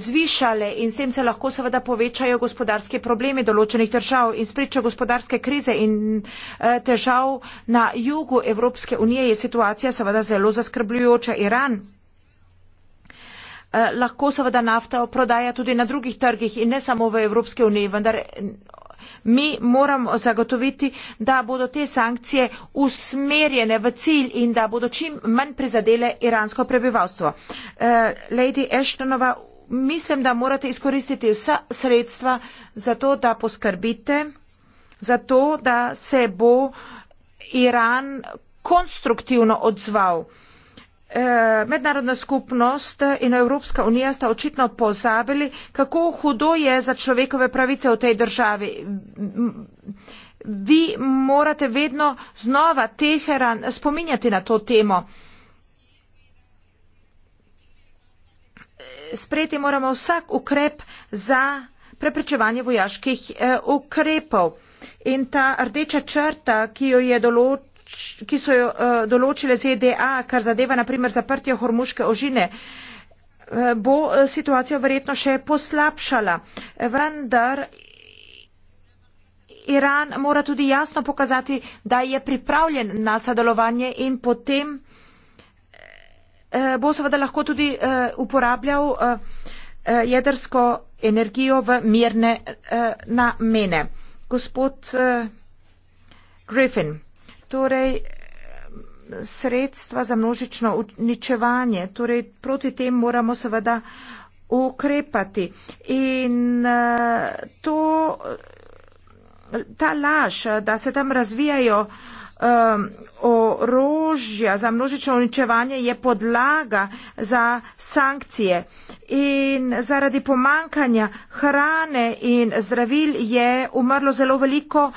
zvišale in s tem se lahko seveda povečajo gospodarske problemi določenih držav in spričo gospodarske krize in eh, težav na jugu Evropske unije je situacija seveda zelo zaskrbljujoča Iran. Eh, lahko seveda nafta prodaja tudi na drugih trgih in ne samo v Evropske unije, vendar Mi moramo zagotoviti, da bodo te sankcije usmerjene v cilj in da bodo čim manj prizadele iransko prebivalstvo. Uh, Lady Ashtonova, mislim, da morate izkoristiti vsa sredstva za to, da poskrbite za to, da se bo Iran konstruktivno odzval. Uh, Eh, mednarodna skupnost in Evropska unija sta očitno pozabili, kako hudo je za človekove pravice v tej državi. Vi morate vedno znova Teheran spominjati na to temo. Sprejeti moramo vsak ukrep za preprečevanje vojaških eh, ukrepov. In ta rdeča črta, ki jo je določila, ki so jo eh, določile ZDA, kar zadeva naprimer zaprtje hormuške ožine, eh, bo eh, situacijo verjetno še poslabšala. Vendar Iran mora tudi jasno pokazati, da je pripravljen na sodelovanje in potem bo seveda lahko tudi uporabljal jedrsko energijo v mirne namene. Gospod Griffin torej sredstva za množično uničevanje. Torej, proti tem moramo seveda ukrepati. In eh, to, ta laž, da se tam razvijajo um, orožja za množično uničevanje, je podlaga za sankcije. In zaradi pomankanja hrane in zdravil je umrlo zelo veliko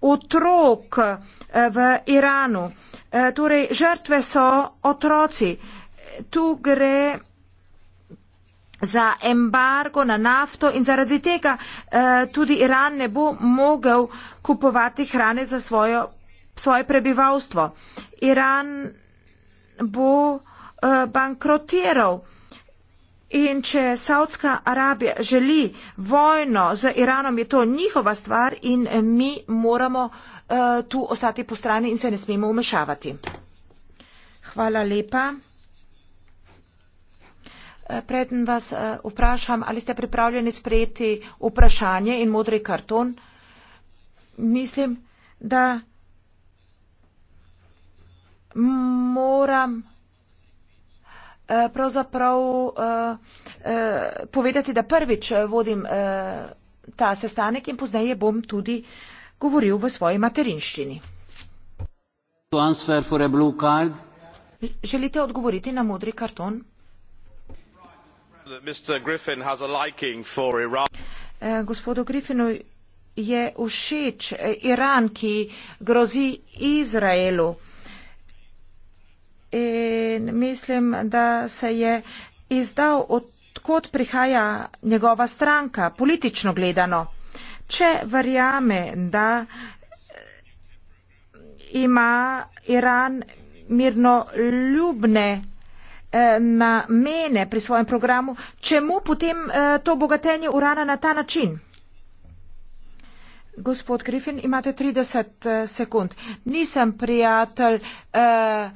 otrok eh, v Iranu. Eh, torej, žrtve so otroci. Tu gre za embargo na nafto in zaradi tega eh, tudi Iran ne bo mogel kupovati hrane za svojo, svoje prebivalstvo. Iran bo bankrotiral. In če Saudska Arabija želi vojno z Iranom, je to njihova stvar in eh, mi moramo uh, tu ostati po strani in se ne smemo umešavati. Hvala lepa. Eh, preden vas vprašam, ali ste pripravljeni sprejeti vprašanje in modri karton, mislim, da moram. Eh, pravzaprav eh, eh, povedati, da prvič vodim ta sestanek in pozneje bom tudi govoril v svoji materinščini. Želite odgovoriti na modri karton? Gospodu Griffinu je všeč Iran, ki grozi Izraelu in mislim, da se je izdal, odkot prihaja njegova stranka, politično gledano. Če verjame, da ima Iran mirno ljubne eh, namene pri svojem programu, čemu potem eh, to bogatenje urana na ta način? Gospod Griffin, imate 30 eh, sekund. Nisem prijatelj. Uh,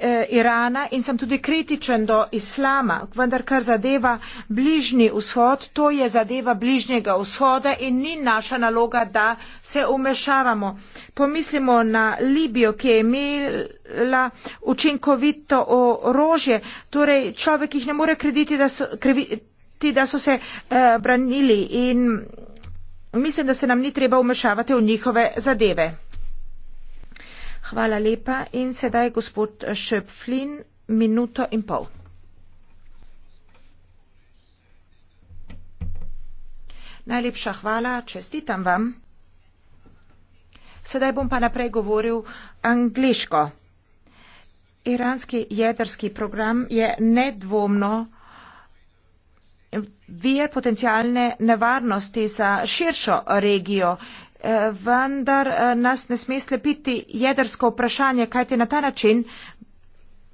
Eh, Irana in sem tudi kritičen do islama, vendar kar zadeva bližnji vzhod, to je zadeva bližnjega vzhoda in ni naša naloga, da se umešavamo. Pomislimo na Libijo, ki je imela učinkovito orožje, torej človek jih ne more krediti, da so, krediti, da so se eh, branili in mislim, da se nam ni treba umešavati v njihove zadeve. Hvala lepa. In sedaj gospod Šepflin, minuto in pol. Najlepša hvala, čestitam vam. Sedaj bom pa naprej govoril angliško. Iranski jedrski program je nedvomno vir potencijalne nevarnosti za širšo regijo vendar eh, nas ne sme slepiti jedrsko vprašanje, kajti na ta način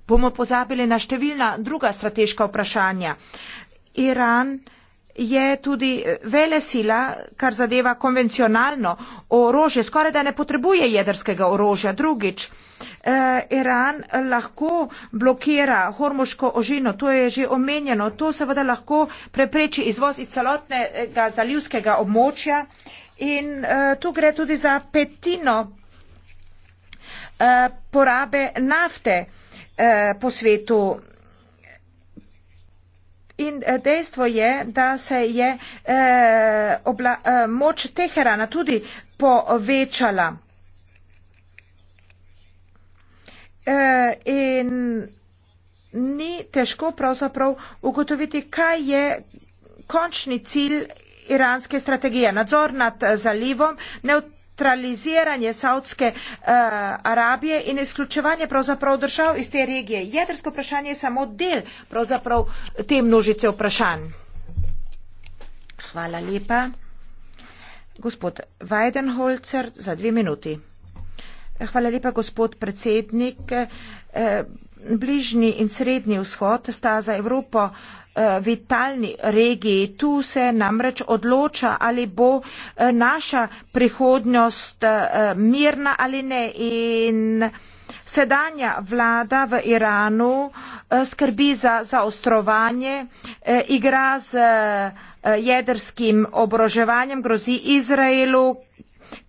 bomo pozabili na številna druga strateška vprašanja. Iran je tudi eh, vele sila, kar zadeva konvencionalno orožje, skoraj da ne potrebuje jedrskega orožja. Drugič, eh, Iran lahko blokira hormoško ožino, to je že omenjeno, to seveda lahko prepreči izvoz iz celotnega zalivskega območja in uh, tu gre tudi za petino uh, porabe nafte uh, po svetu. In dejstvo je, da se je eh, obla, eh, moč Teherana tudi povečala. Eh, in ni težko pravzaprav ugotoviti, kaj je končni cilj iranske strategije. Nadzor nad eh, zalivom, neutraliziranje Saudske uh, Arabije in izključevanje pravzaprav držav iz te regije. Jedrsko vprašanje je samo del pravzaprav te množice vprašanj. Hvala lepa. Gospod Weidenholzer za dve minuti. Hvala lepa, gospod predsednik. Eh, Bližnji in srednji vzhod sta za Evropo uh, Eh, vitalni regiji. Tu se namreč odloča, ali bo eh, naša prihodnost eh, mirna ali ne. In sedanja vlada v Iranu skrbi za zaostrovanje, igra z jedrskim obroževanjem, grozi Izraelu,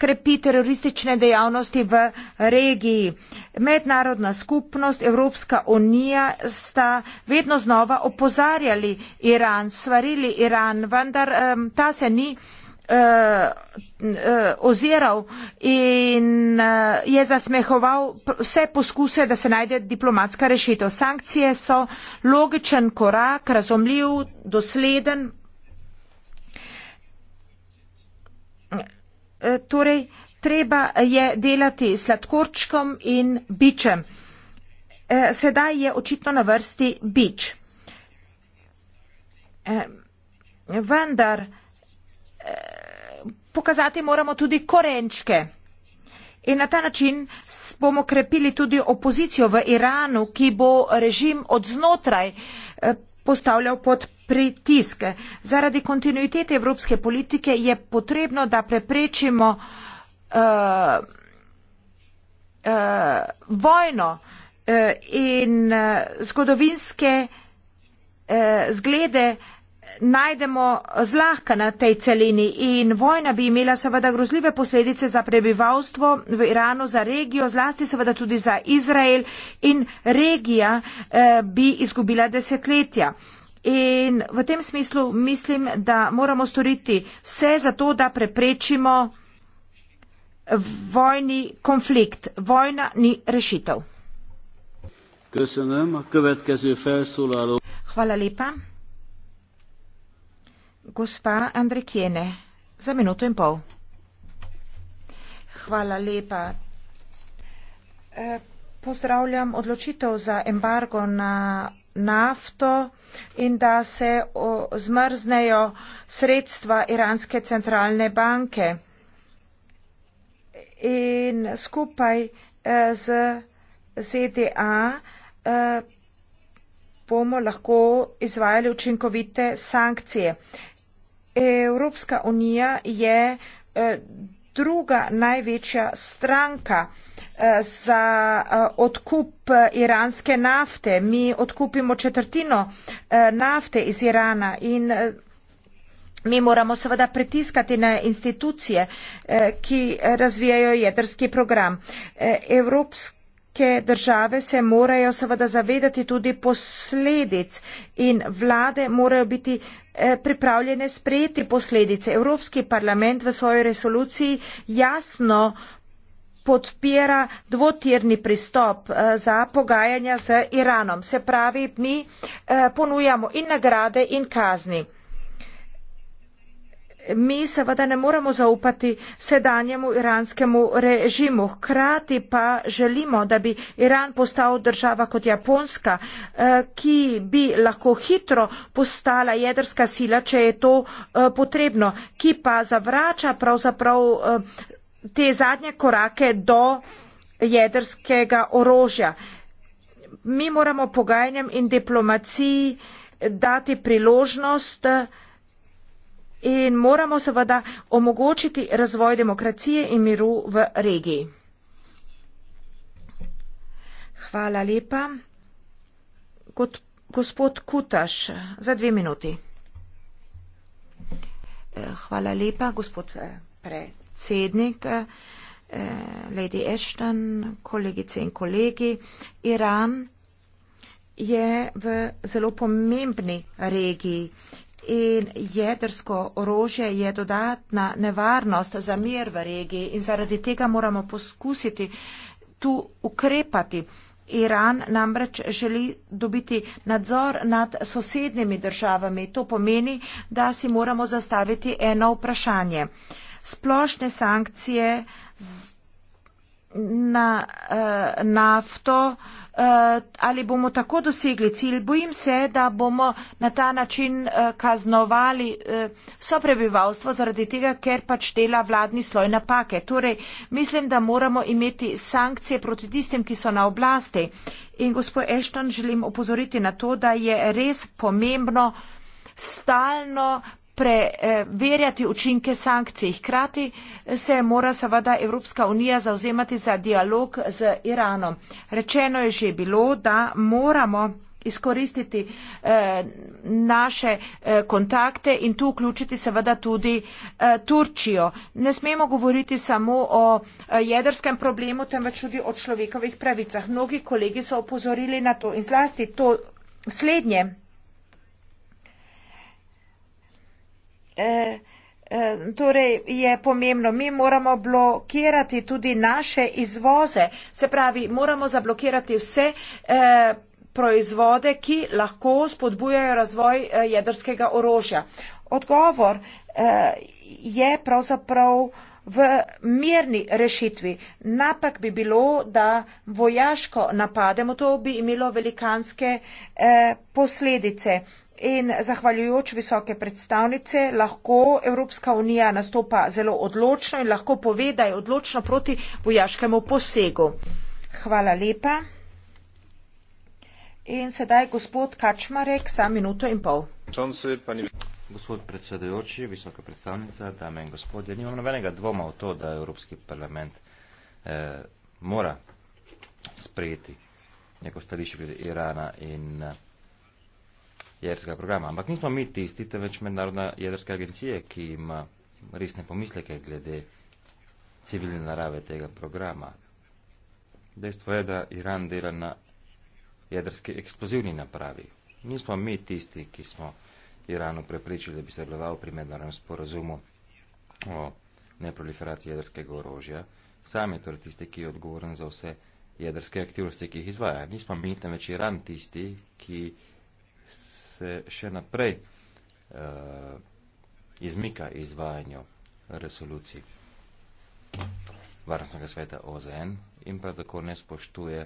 krepi teroristične dejavnosti v regiji. Mednarodna skupnost, Evropska unija sta vedno znova opozarjali Iran, svarili Iran, vendar um, ta se ni eh, eh, oziral in eh, je zasmehoval vse poskuse, da se najde diplomatska rešitev. Sankcije so logičen korak, razumljiv, dosleden Eh, torej treba je delati sladkorčkom in bičem. Eh, sedaj je očitno na vrsti bič. Eh, vendar pokazati moramo tudi korenčke. In na ta način bomo krepili tudi opozicijo v Iranu, ki bo režim od znotraj postavljal pod pritiske. Zaradi kontinuitete evropske politike je potrebno, da preprečimo uh, uh, vojno uh, in uh, zgodovinske uh, zglede najdemo zlahka na tej celini in vojna bi imela seveda grozljive posledice za prebivalstvo v Iranu, za regijo, zlasti seveda tudi za Izrael in regija eh, bi izgubila desetletja. Eh, In v tem smislu mislim, da moramo storiti vse za to, da preprečimo vojni konflikt. Vojna ni rešitev. Hvala lepa. Gospa Andrikjene, za minuto in pol. Hvala lepa. E, pozdravljam odločitev za embargo na nafto in da se zmrznejo sredstva Iranske centralne banke. In skupaj eh, z ZDA eh, bomo lahko izvajali učinkovite sankcije. Evropska unija je eh, druga največja stranka eh, za eh, odkup eh, iranske nafte. Mi odkupimo četrtino nafte iz Irana in mi moramo seveda pritiskati na institucije, ki razvijajo jedrski program. Evropska Velike države se morajo seveda zavedati tudi posledic in vlade morajo biti eh, pripravljene sprejeti posledice. Evropski parlament v svoji resoluciji jasno podpira dvotirni pristop eh, za pogajanja z Iranom. Se pravi, mi eh, ponujamo in nagrade in kazni mi seveda ne moremo zaupati sedanjemu iranskemu režimu. Hkrati pa želimo, da bi Iran postal država kot Japonska, eh, ki bi lahko hitro postala jedrska sila, če je to eh, potrebno, ki pa zavrača pravzaprav eh, te zadnje korake do jedrskega orožja. Mi moramo pogajanjem in diplomaciji dati priložnost, in moramo seveda omogočiti razvoj demokracije in miru v regiji. Hvala lepa. Kot gospod Kutaš, za dve minuti. Eh, hvala lepa, gospod eh, predsednik, eh, Lady Ashton, kolegice in kolegi. Iran je v zelo pomembni regiji in jedrsko orožje je dodatna nevarnost za mir v regiji in zaradi tega moramo poskusiti tu ukrepati. Iran namreč želi dobiti nadzor nad sosednjimi državami. To pomeni, da si moramo zastaviti eno vprašanje. Splošne sankcije na uh, nafto uh, Eh, ali bomo tako dosegli cilj. Bojim se, da bomo na ta način eh, kaznovali eh, soprebivalstvo zaradi tega, ker pač dela vladni sloj napake. Torej, mislim, da moramo imeti sankcije proti tistim, ki so na oblasti. In gospod Ešton, želim opozoriti na to, da je res pomembno stalno preverjati učinke sankcij. Hkrati se mora seveda Evropska unija zauzemati za dialog z Iranom. Rečeno je že bilo, da moramo izkoristiti eh, naše eh, kontakte in tu vključiti seveda tudi eh, Turčijo. Ne smemo govoriti samo o eh, jedrskem problemu, temveč tudi o človekovih pravicah. Mnogi kolegi so opozorili na to in zlasti to slednje Eh, eh, torej je pomembno. Mi moramo blokirati tudi naše izvoze, se pravi, moramo zablokirati vse eh, proizvode, ki lahko spodbujajo razvoj jedrskega orožja. Odgovor je pravzaprav v mirni rešitvi. Napak bi bilo, da vojaško napademo, to bi imelo velikanske posledice in zahvaljujoč visoke predstavnice lahko Evropska unija nastopa zelo odločno in lahko pove, da je odločno proti vojaškemu posegu. Hvala lepa. In sedaj gospod Kačmarek za minuto in pol. Gospod predsedujoči, visoka predstavnica, dame in gospodje, nimam nobenega dvoma v to, da Evropski parlament eh, mora sprejeti neko stališče glede Irana in eh, jedrskega programa. Ampak nismo mi tisti, temveč mednarodna jedrska agencija, ki ima resne pomisleke glede civilne narave tega programa. Dejstvo je, da Iran dela na jedrski eksplozivni napravi. Nismo mi tisti, ki smo Iranu prepričali, da bi se deloval pri mednarodnem sporozumu o neproliferaciji jedrskega orožja. Sam je torej tisti, ki je odgovoren za vse jedrske aktivnosti, ki jih izvaja. Nismo mi, temveč Iran tisti, ki se še naprej uh, izmika izvajanju resolucij Varnostnega sveta OZN in prav tako ne spoštuje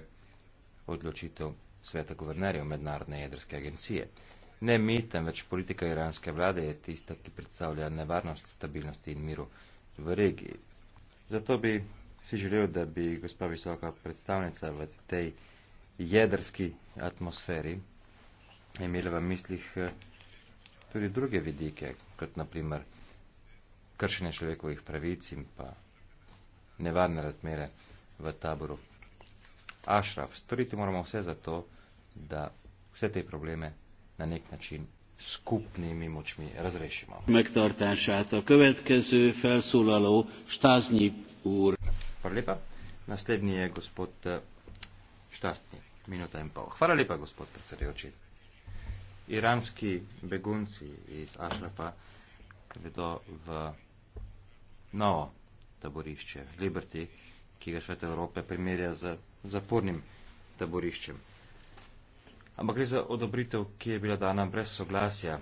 odločitev sveta guvernerjev Mednarodne jedrske agencije. Ne mi, temveč politika iranske vlade je tista, ki predstavlja nevarnost stabilnosti in miru v regiji. Zato bi si želel, da bi gospa visoka predstavnica v tej jedrski atmosferi imeli v mislih eh, tudi druge vidike, kot naprimer kršenje človekovih pravic in pa nevarne razmere v taboru. Ašraf, storiti moramo vse za to, da vse te probleme na nek način skupnimi močmi razrešimo. Megtartását a következő felszólaló Stázni úr. Hvala lepa. Naslednji je gospod Štastni, eh, minuta in pol. Hvala lepa, gospod predsedujoči iranski begunci iz Ašrafa vedo v novo taborišče Liberty, ki ga svet Evrope primerja z zapornim taboriščem. Ampak gre za odobritev, ki je bila dana brez soglasja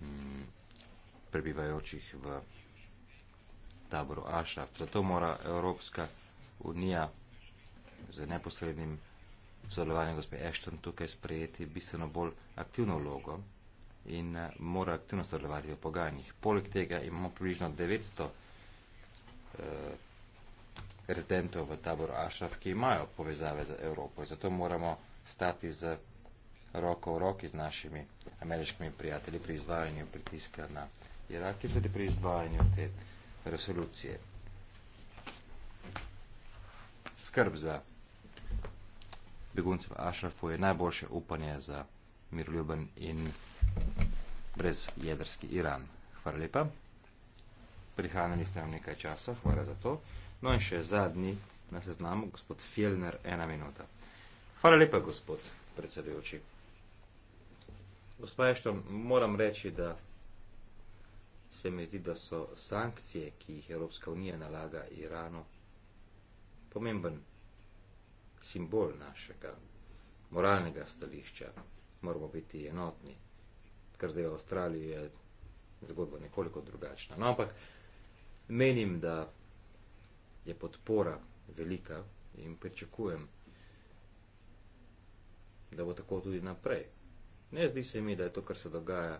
mm, prebivajočih v taboru Ašraf. Zato mora Evropska unija z neposrednim sodelovanjem gospe Ashton tukaj sprejeti bistveno bolj aktivno vlogo in eh, mora aktivno sodelovati v pogajanjih. Poleg tega imamo približno 900 eh, rezidentov v taboru Ašraf, ki imajo povezave z Evropo in zato moramo stati z roko v roki z našimi ameriškimi prijatelji pri izvajanju pritiska na Irak in tudi pri izvajanju te resolucije. Skrb za begunce v Ašrafu je najboljše upanje za miroljuben in brez jedrski Iran. Hvala lepa. Prihranili ste nam nekaj časa, hvala za to. No in še zadnji na seznamu, gospod Fjellner, ena minuta. Hvala lepa, gospod predsedujoči. Gospod Ešton, moram reči, da se mi zdi, da so sankcije, ki jih Evropska unija nalaga Iranu, pomemben simbol našega moralnega stališča moramo biti enotni. Ker zdaj v Avstraliji je zgodba nekoliko drugačna. No, ampak menim, da je podpora velika in pričakujem, da bo tako tudi naprej. Ne zdi se mi, da je to, kar se dogaja,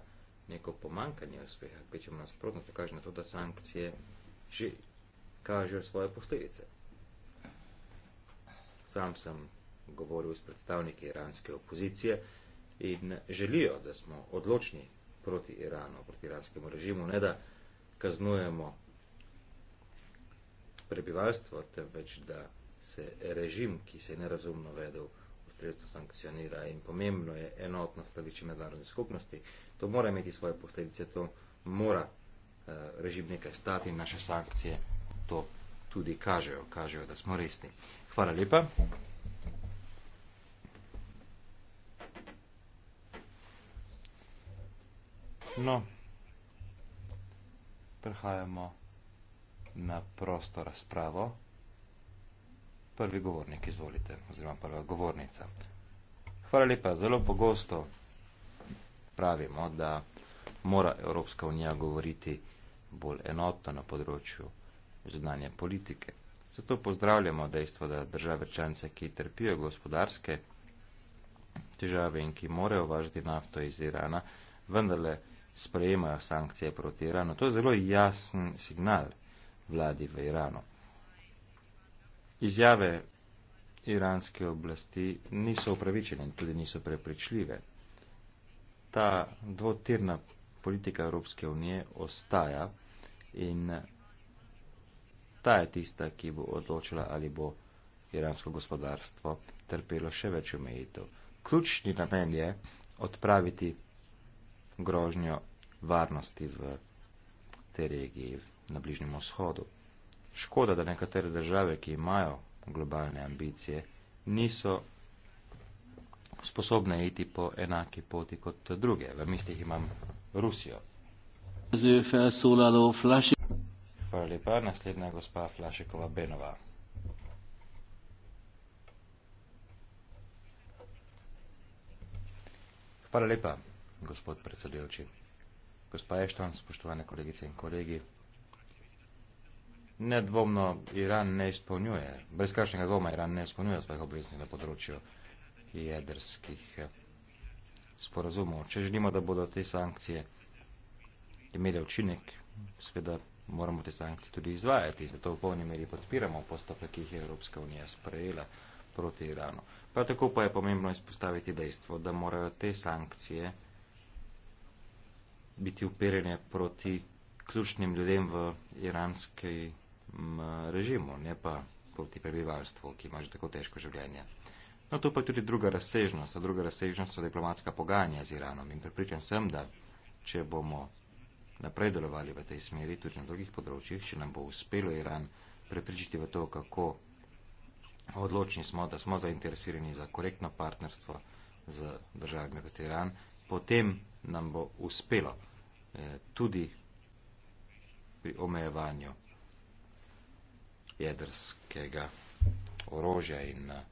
neko pomankanje uspeha, ker če nas protno, to kaže na to, da sankcije že kažejo svoje posledice. Sam sem govoril s predstavniki iranske opozicije, in želijo, da smo odločni proti Iranu, proti iranskemu režimu, ne da kaznujemo prebivalstvo, temveč da se režim, ki se je nerazumno vedel, ustrezno sankcionira in pomembno je enotno stališče mednarodne skupnosti. To mora imeti svoje posledice, to mora eh, režim nekaj stati in naše sankcije to tudi kažejo, kažejo, da smo resni. Hvala lepa. No, prehajamo na prosto razpravo. Prvi govornik, izvolite, oziroma prva govornica. Hvala lepa. Zelo pogosto pravimo, da mora Evropska unija govoriti bolj enotno na področju zunanje politike. Zato pozdravljamo dejstvo, da države članice, ki trpijo gospodarske težave in ki morajo važiti nafto iz Irana, vendarle sprejemajo sankcije proti Iranu. To je zelo jasen signal vladi v Iranu. Izjave iranske oblasti niso upravičene in tudi niso prepričljive. Ta dvotirna politika Evropske unije ostaja in ta je tista, ki bo odločila, ali bo iransko gospodarstvo trpelo še več omejitev. Ključni namen je odpraviti grožnjo varnosti v tej regiji, na Bližnjem vzhodu. Škoda, da nekatere države, ki imajo globalne ambicije, niso sposobne iti po enaki poti kot druge. V mislih imam Rusijo. Hvala lepa, naslednja gospa Flašekova Benova. Hvala lepa gospod predsedujoči. Gospa Ešton, spoštovane kolegice in kolegi, nedvomno Iran ne izpolnjuje, brez kakšnega dvoma Iran ne izpolnjuje svojih obveznosti na področju jedrskih sporazumov. Če želimo, da bodo te sankcije imele učinek, seveda moramo te sankcije tudi izvajati. Zato v polni meri podpiramo postopke, ki jih je Evropska unija sprejela proti Iranu. Prav tako pa je pomembno izpostaviti dejstvo, da morajo te sankcije biti uperjene proti ključnim ljudem v iranskem mm, režimu, ne pa proti prebivalstvu, ki ima že tako težko življenje. No, to pa je tudi druga razsežnost. A druga razsežnost so diplomatska pogajanja z Iranom in pripričan sem, da če bomo naprej delovali v tej smeri, tudi na drugih področjih, če nam bo uspelo Iran prepričati v to, kako odločni smo, da smo zainteresirani za korektno partnerstvo z državami kot Iran, potem nam bo uspelo eh, tudi pri omejevanju jedrskega orožja in eh,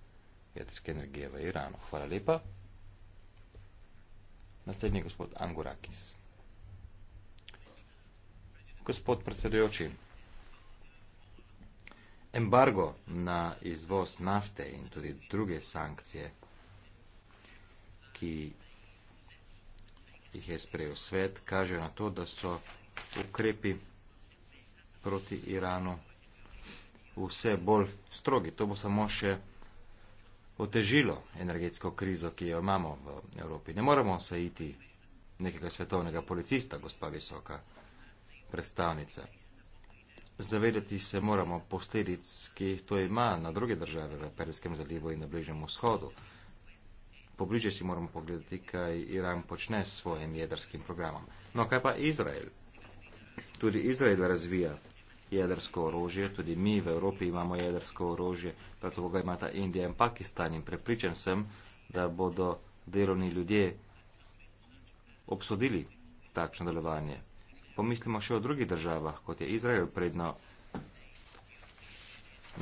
jedrske energije v Iranu. Hvala lepa. Naslednji gospod Angurakis. Gospod predsedujoči, embargo na izvoz nafte in tudi druge sankcije, ki jih je sprejel svet, kaže na to, da so ukrepi proti Iranu vse bolj strogi. To bo samo še otežilo energetsko krizo, ki jo imamo v Evropi. Ne moramo se iti nekega svetovnega policista, gospa visoka predstavnica. Zavedati se moramo posledic, ki jih to ima na druge države v Perskem zalivu in na Bližnjem vzhodu. Pobliže si moramo pogledati, kaj Iran počne s svojim jedrskim programom. No, kaj pa Izrael? Tudi Izrael razvija jedrsko orožje, tudi mi v Evropi imamo jedrsko orožje, prav tako ga imata Indija in Pakistan in prepričan sem, da bodo delovni ljudje obsodili takšno delovanje. Pomislimo še o drugih državah, kot je Izrael, predno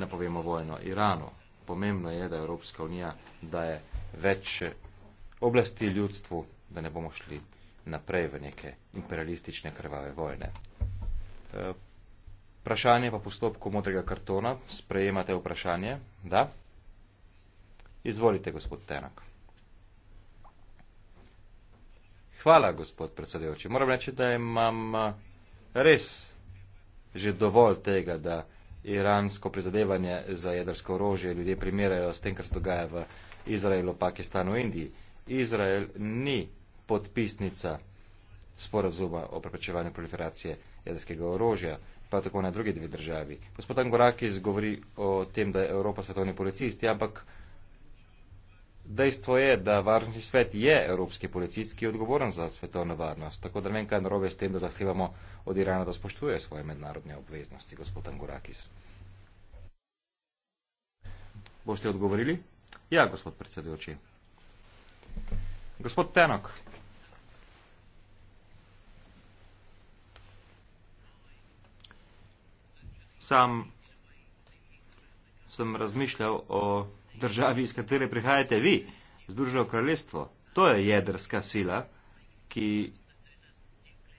napovemo vojno Iranu pomembno je, da Evropska unija daje več oblasti ljudstvu, da ne bomo šli naprej v neke imperialistične krvave vojne. E, vprašanje pa postopku modrega kartona. Sprejemate vprašanje? Da? Izvolite, gospod Tenak. Hvala, gospod predsedujoči. Moram reči, da imam e, res že dovolj tega, da iransko prizadevanje za jedrsko orožje ljudje primerjajo s tem, kar se dogaja v Izraelu, Pakistanu, Indiji. Izrael ni podpisnica sporazuma o preprečevanju proliferacije jedrskega orožja, pa tako na drugi dve državi. Gospod Angorakis govori o tem, da je Evropa svetovni policist, ja, ampak ja, Dejstvo je, da varnostni svet je evropski policist, ki je odgovoren za svetovno varnost. Tako da ne vem, kaj narobe s tem, da zahtevamo od Irana, da spoštuje svoje mednarodne obveznosti, gospod Angurakis. Boste odgovorili? Ja, gospod predsedujoči. Gospod Tenok. Sam sem razmišljal o državi, iz katere prihajate vi, Združeno kraljestvo. To je jedrska sila, ki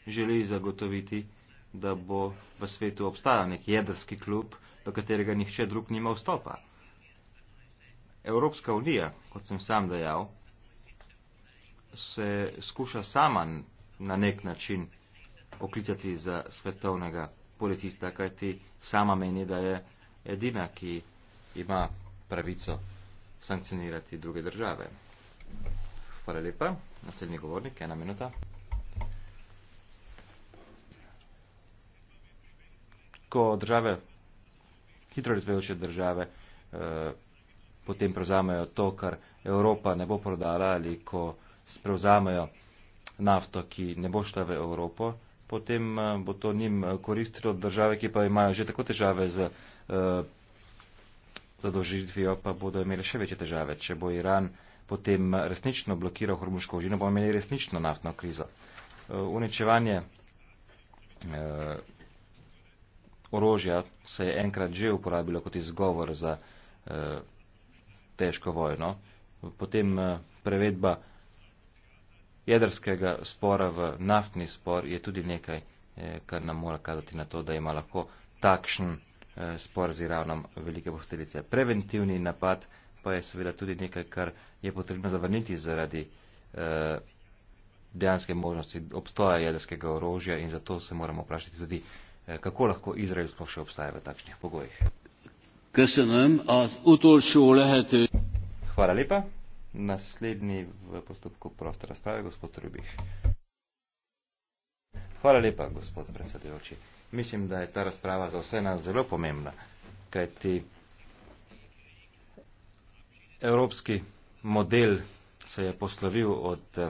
želi zagotoviti, da bo v svetu obstajal nek jedrski klub, v katerega nihče drug nima vstopa. Evropska unija, kot sem sam dejal, se skuša sama na nek način oklicati za svetovnega policista, kajti sama meni, da je edina, ki ima pravico sankcionirati druge države. Hvala lepa. Naslednji govornik, ena minuta. Ko države, hitro razvejoče države, eh, potem prevzamejo to, kar Evropa ne bo prodala ali ko sprevzamejo nafto, ki ne bo šla v Evropo, potem eh, bo to njim eh, koristilo države, ki pa imajo že tako težave z zadožitvijo, pa bodo imeli še večje težave. Če bo Iran potem resnično blokiral hormuško ožino, bomo imeli resnično naftno krizo. Eh, uničevanje eh, orožja se je enkrat že uporabilo kot izgovor za eh, težko vojno. Potem eh, prevedba jedrskega spora v naftni spor je tudi nekaj, eh, kar nam mora kazati na to, da ima lahko takšen Eh, spor z Iranom velike posledice. Preventivni napad pa je seveda tudi nekaj, kar je potrebno zavrniti zaradi eh, dejanske možnosti obstoja jedrskega orožja in zato se moramo vprašati tudi, eh, kako lahko Izrael sploh še obstaja v takšnih pogojih. Hvala lepa. Naslednji v postopku proste razprave, gospod Rubih. Hvala lepa, gospod predsedujoči mislim, da je ta razprava za vse nas zelo pomembna, kajti evropski model se je poslovil od eh,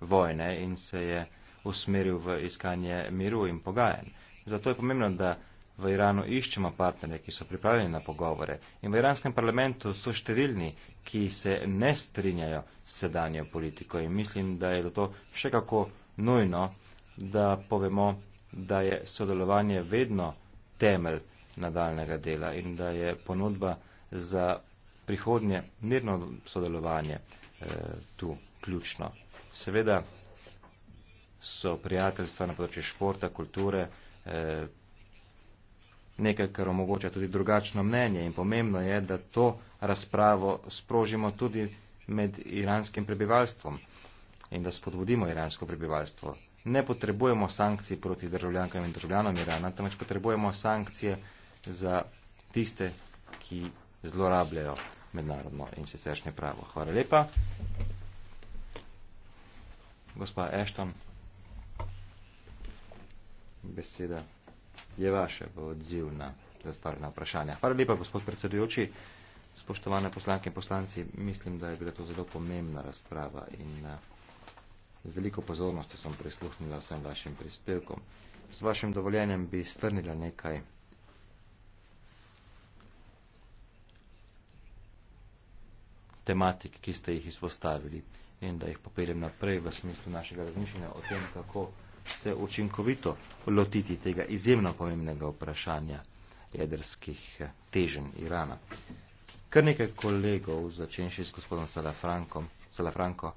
vojne in se je usmeril v iskanje miru in pogajanj. Zato je pomembno, da v Iranu iščemo partnerje, ki so pripravljeni na pogovore. In v iranskem parlamentu so številni, ki se ne strinjajo s sedanjo politiko. In mislim, da je zato še kako nujno, da povemo da je sodelovanje vedno temelj nadaljnega dela in da je ponudba za prihodnje mirno sodelovanje eh, tu ključno. Seveda so prijateljstva na področju športa, kulture eh, nekaj, kar omogoča tudi drugačno mnenje in pomembno je, da to razpravo sprožimo tudi med iranskim prebivalstvom in da spodbudimo iransko prebivalstvo ne potrebujemo sankcij proti državljankam in državljanom Irana, temveč potrebujemo sankcije za tiste, ki zlorabljajo mednarodno in siceršnje pravo. Hvala lepa. Gospa Ashton, beseda je vaše v odziv na zastavljena vprašanja. Hvala lepa, gospod predsedujoči. Spoštovane poslanke in poslanci, mislim, da je bila to zelo pomembna razprava in uh, Z veliko pozornosti sem prisluhnila vsem vašim prispevkom. S vašim dovoljenjem bi strnila nekaj. Tematik, ki ste jih izpostavili in da jih popeljem naprej v smislu našega razmišljanja o tem, kako se učinkovito lotiti tega izjemno pomembnega vprašanja jedrskih teženj Irana. Kar nekaj kolegov, začenši s gospodom Salafrankom, Salafranko,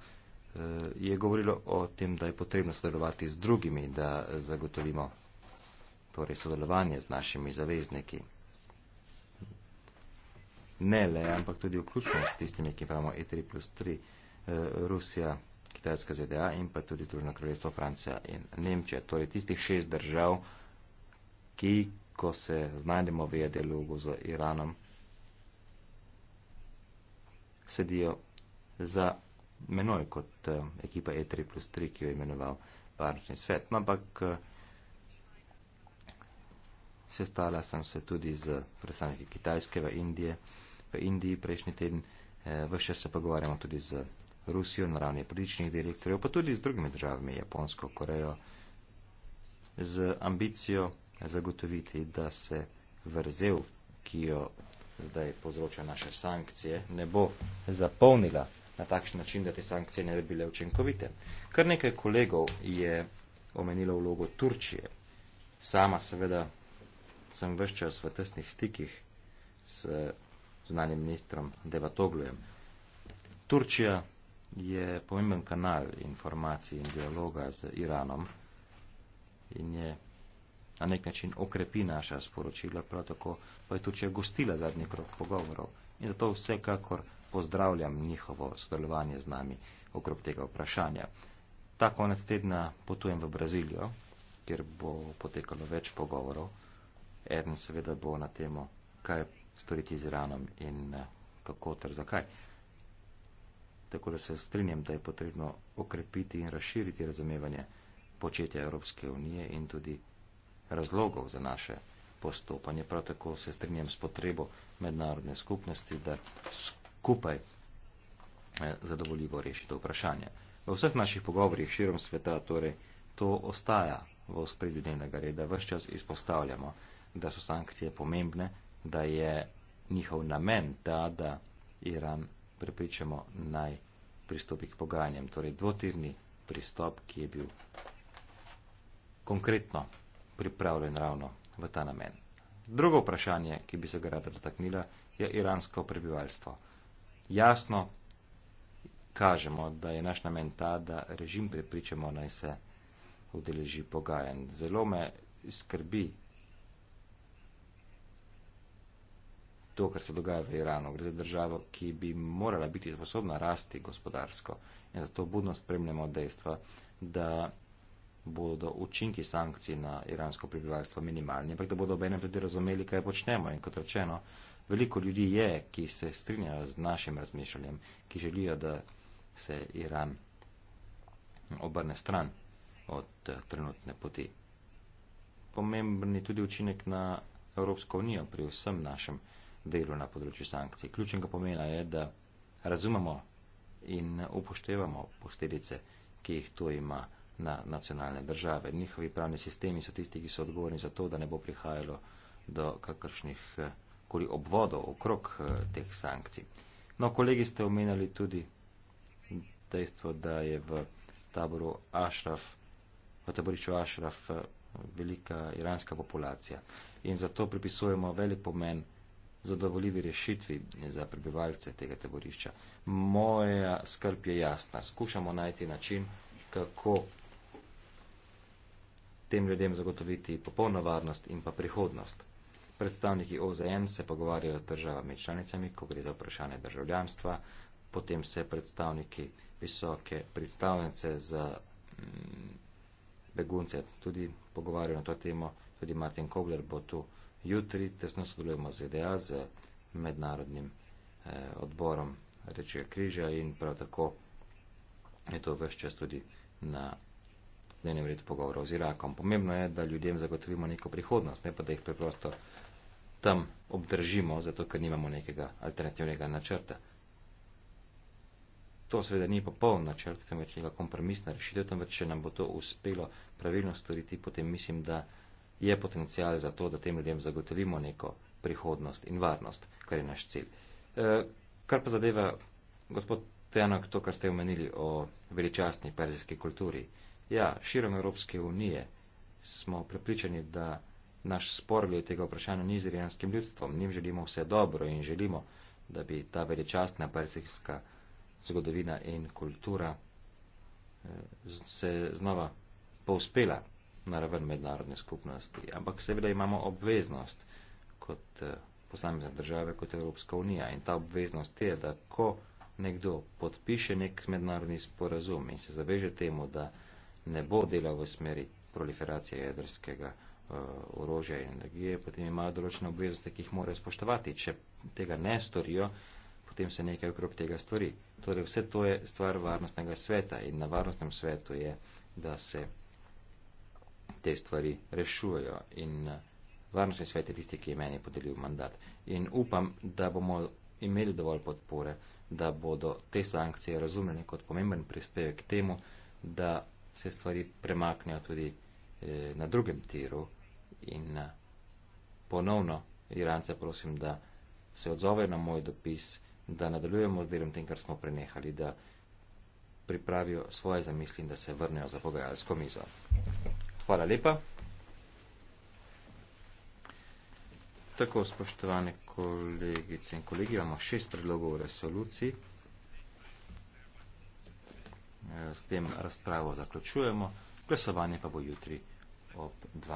je govorilo o tem, da je potrebno sodelovati z drugimi, da zagotovimo torej sodelovanje z našimi zavezniki. Ne le, ampak tudi vključno s tistimi, ki imamo E3 plus 3, eh, Rusija, Kitajska ZDA in pa tudi Združeno kraljestvo Francija in Nemčija. Torej tistih šest držav, ki, ko se znajdemo v dialogu z Iranom, sedijo za menoj kot uh, ekipa E3 plus 3, ki jo je imenoval Varnostni svet. No, ampak uh, sestala sem se tudi z predstavniki Kitajske v Indije, v Indiji prejšnji teden, uh, eh, vse se pogovarjamo tudi z Rusijo na ravni političnih direktorjev, pa tudi z drugimi državami, Japonsko, Korejo, z ambicijo zagotoviti, da se vrzel, ki jo zdaj povzroča naše sankcije, ne bo zapolnila na takšen način, da te sankcije ne bi bile učinkovite. Kar nekaj kolegov je omenilo vlogo Turčije. Sama seveda sem veččas v tesnih stikih s znanim ministrom Devatoglujem. Turčija je pomemben kanal informacij in dialoga z Iranom in je na nek način okrepi naša sporočila, prav tako pa je Turčija gostila zadnji krok pogovorov. In zato vsekakor pozdravljam njihovo sodelovanje z nami okrog tega vprašanja. Ta konec tedna potujem v Brazilijo, kjer bo potekalo več pogovorov. Eden seveda bo na temo, kaj storiti z Iranom in eh, kako ter zakaj. Tako da se strinjam, da je potrebno okrepiti in razširiti razumevanje početja Evropske unije in tudi razlogov za naše postopanje. Prav tako se strinjam s potrebo mednarodne skupnosti, da skupaj skupaj eh, zadovoljivo rešiti to vprašanje. V vseh naših pogovorjih širom sveta torej to ostaja v ospredju dnevnega reda, vse čas izpostavljamo, da so sankcije pomembne, da je njihov namen ta, da Iran prepričamo naj pristopi k pogajanjem. Torej dvotirni pristop, ki je bil konkretno pripravljen ravno v ta namen. Drugo vprašanje, ki bi se ga rada dotaknila, je iransko prebivalstvo jasno kažemo, da je naš namen ta, da režim prepričamo naj se udeleži pogajanj. Zelo me skrbi to, kar se dogaja v Iranu. Gre za državo, ki bi morala biti sposobna rasti gospodarsko. In zato budno spremljamo dejstva, da bodo učinki sankcij na iransko prebivalstvo minimalni, ampak da bodo obenem tudi razumeli, kaj počnemo. In kot rečeno, Veliko ljudi je, ki se strinjajo z našim razmišljanjem, ki želijo, da se Iran obrne stran od eh, trenutne poti. Pomemben je tudi učinek na Evropsko unijo pri vsem našem delu na področju sankcij. Ključnega pomena je, da razumemo in upoštevamo posledice, ki jih to ima na nacionalne države. Njihovi pravni sistemi so tisti, ki so odgovorni za to, da ne bo prihajalo do kakršnih eh, okoli obvodov, okrog eh, teh sankcij. No, kolegi ste omenjali tudi dejstvo, da je v taboru Ašraf, v taborišču Ašraf eh, velika iranska populacija in zato pripisujemo velik pomen zadovoljivi rešitvi za prebivalce tega taborišča. Moja skrb je jasna. Skušamo najti način, kako tem ljudem zagotoviti popolno varnost in pa prihodnost. Predstavniki OZN se pogovarjajo z državami članicami, ko gre za vprašanje državljanstva, potem se predstavniki visoke predstavnice za mm, begunce tudi pogovarjajo na to temo, tudi Martin Kogler bo tu jutri, tesno sodelujemo z ZDA, z mednarodnim eh, odborom Rečega križa in prav tako je to vse čas tudi na dnevnem redu pogovorov z Irakom. Pomembno je, da ljudem zagotovimo neko prihodnost, ne pa da jih preprosto tam obdržimo, zato ker nimamo nekega alternativnega načrta. To seveda ni popoln načrt, temveč neka kompromisna rešitev, temveč če nam bo to uspelo pravilno storiti, potem mislim, da je potencial za to, da tem ljudem zagotovimo neko prihodnost in varnost, kar je naš cilj. E, kar pa zadeva, gospod Tejanok, to, kar ste omenili o veličastni perzijski kulturi. Ja, širom Evropske unije smo prepričani, da. Naš spor glede tega vprašanja ni z iranskim ljudstvom, njim želimo vse dobro in želimo, da bi ta veličastna persijska zgodovina in kultura eh, se znova povzpela na raven mednarodne skupnosti. Ampak seveda imamo obveznost kot eh, posamezne države, kot Evropska unija in ta obveznost je, da ko nekdo podpiše nek mednarodni sporazum in se zaveže temu, da ne bo delal v smeri proliferacije jedrskega. Eh, orožja in energije, potem imajo določene obveznosti, ki jih morajo spoštovati. Če tega ne storijo, potem se nekaj okrog tega stori. Torej, vse to je stvar varnostnega sveta in na varnostnem svetu je, da se te stvari rešujejo in eh, varnostni svet je tisti, ki je meni podelil mandat. In upam, da bomo imeli dovolj podpore, da bodo te sankcije razumljene kot pomemben prispevek k temu, da se stvari premaknejo tudi eh, na drugem tiru, In eh, ponovno, Irance, prosim, da se odzove na moj dopis, da nadaljujemo z delom tem, kar smo prenehali, da pripravijo svoje zamisli in da se vrnejo za pogajalsko mizo. Hvala lepa. Tako, spoštovane kolegice in kolegi, imamo šest predlogov v resoluciji. Eh, s tem razpravo zaključujemo, glasovanje pa bo jutri ob 12.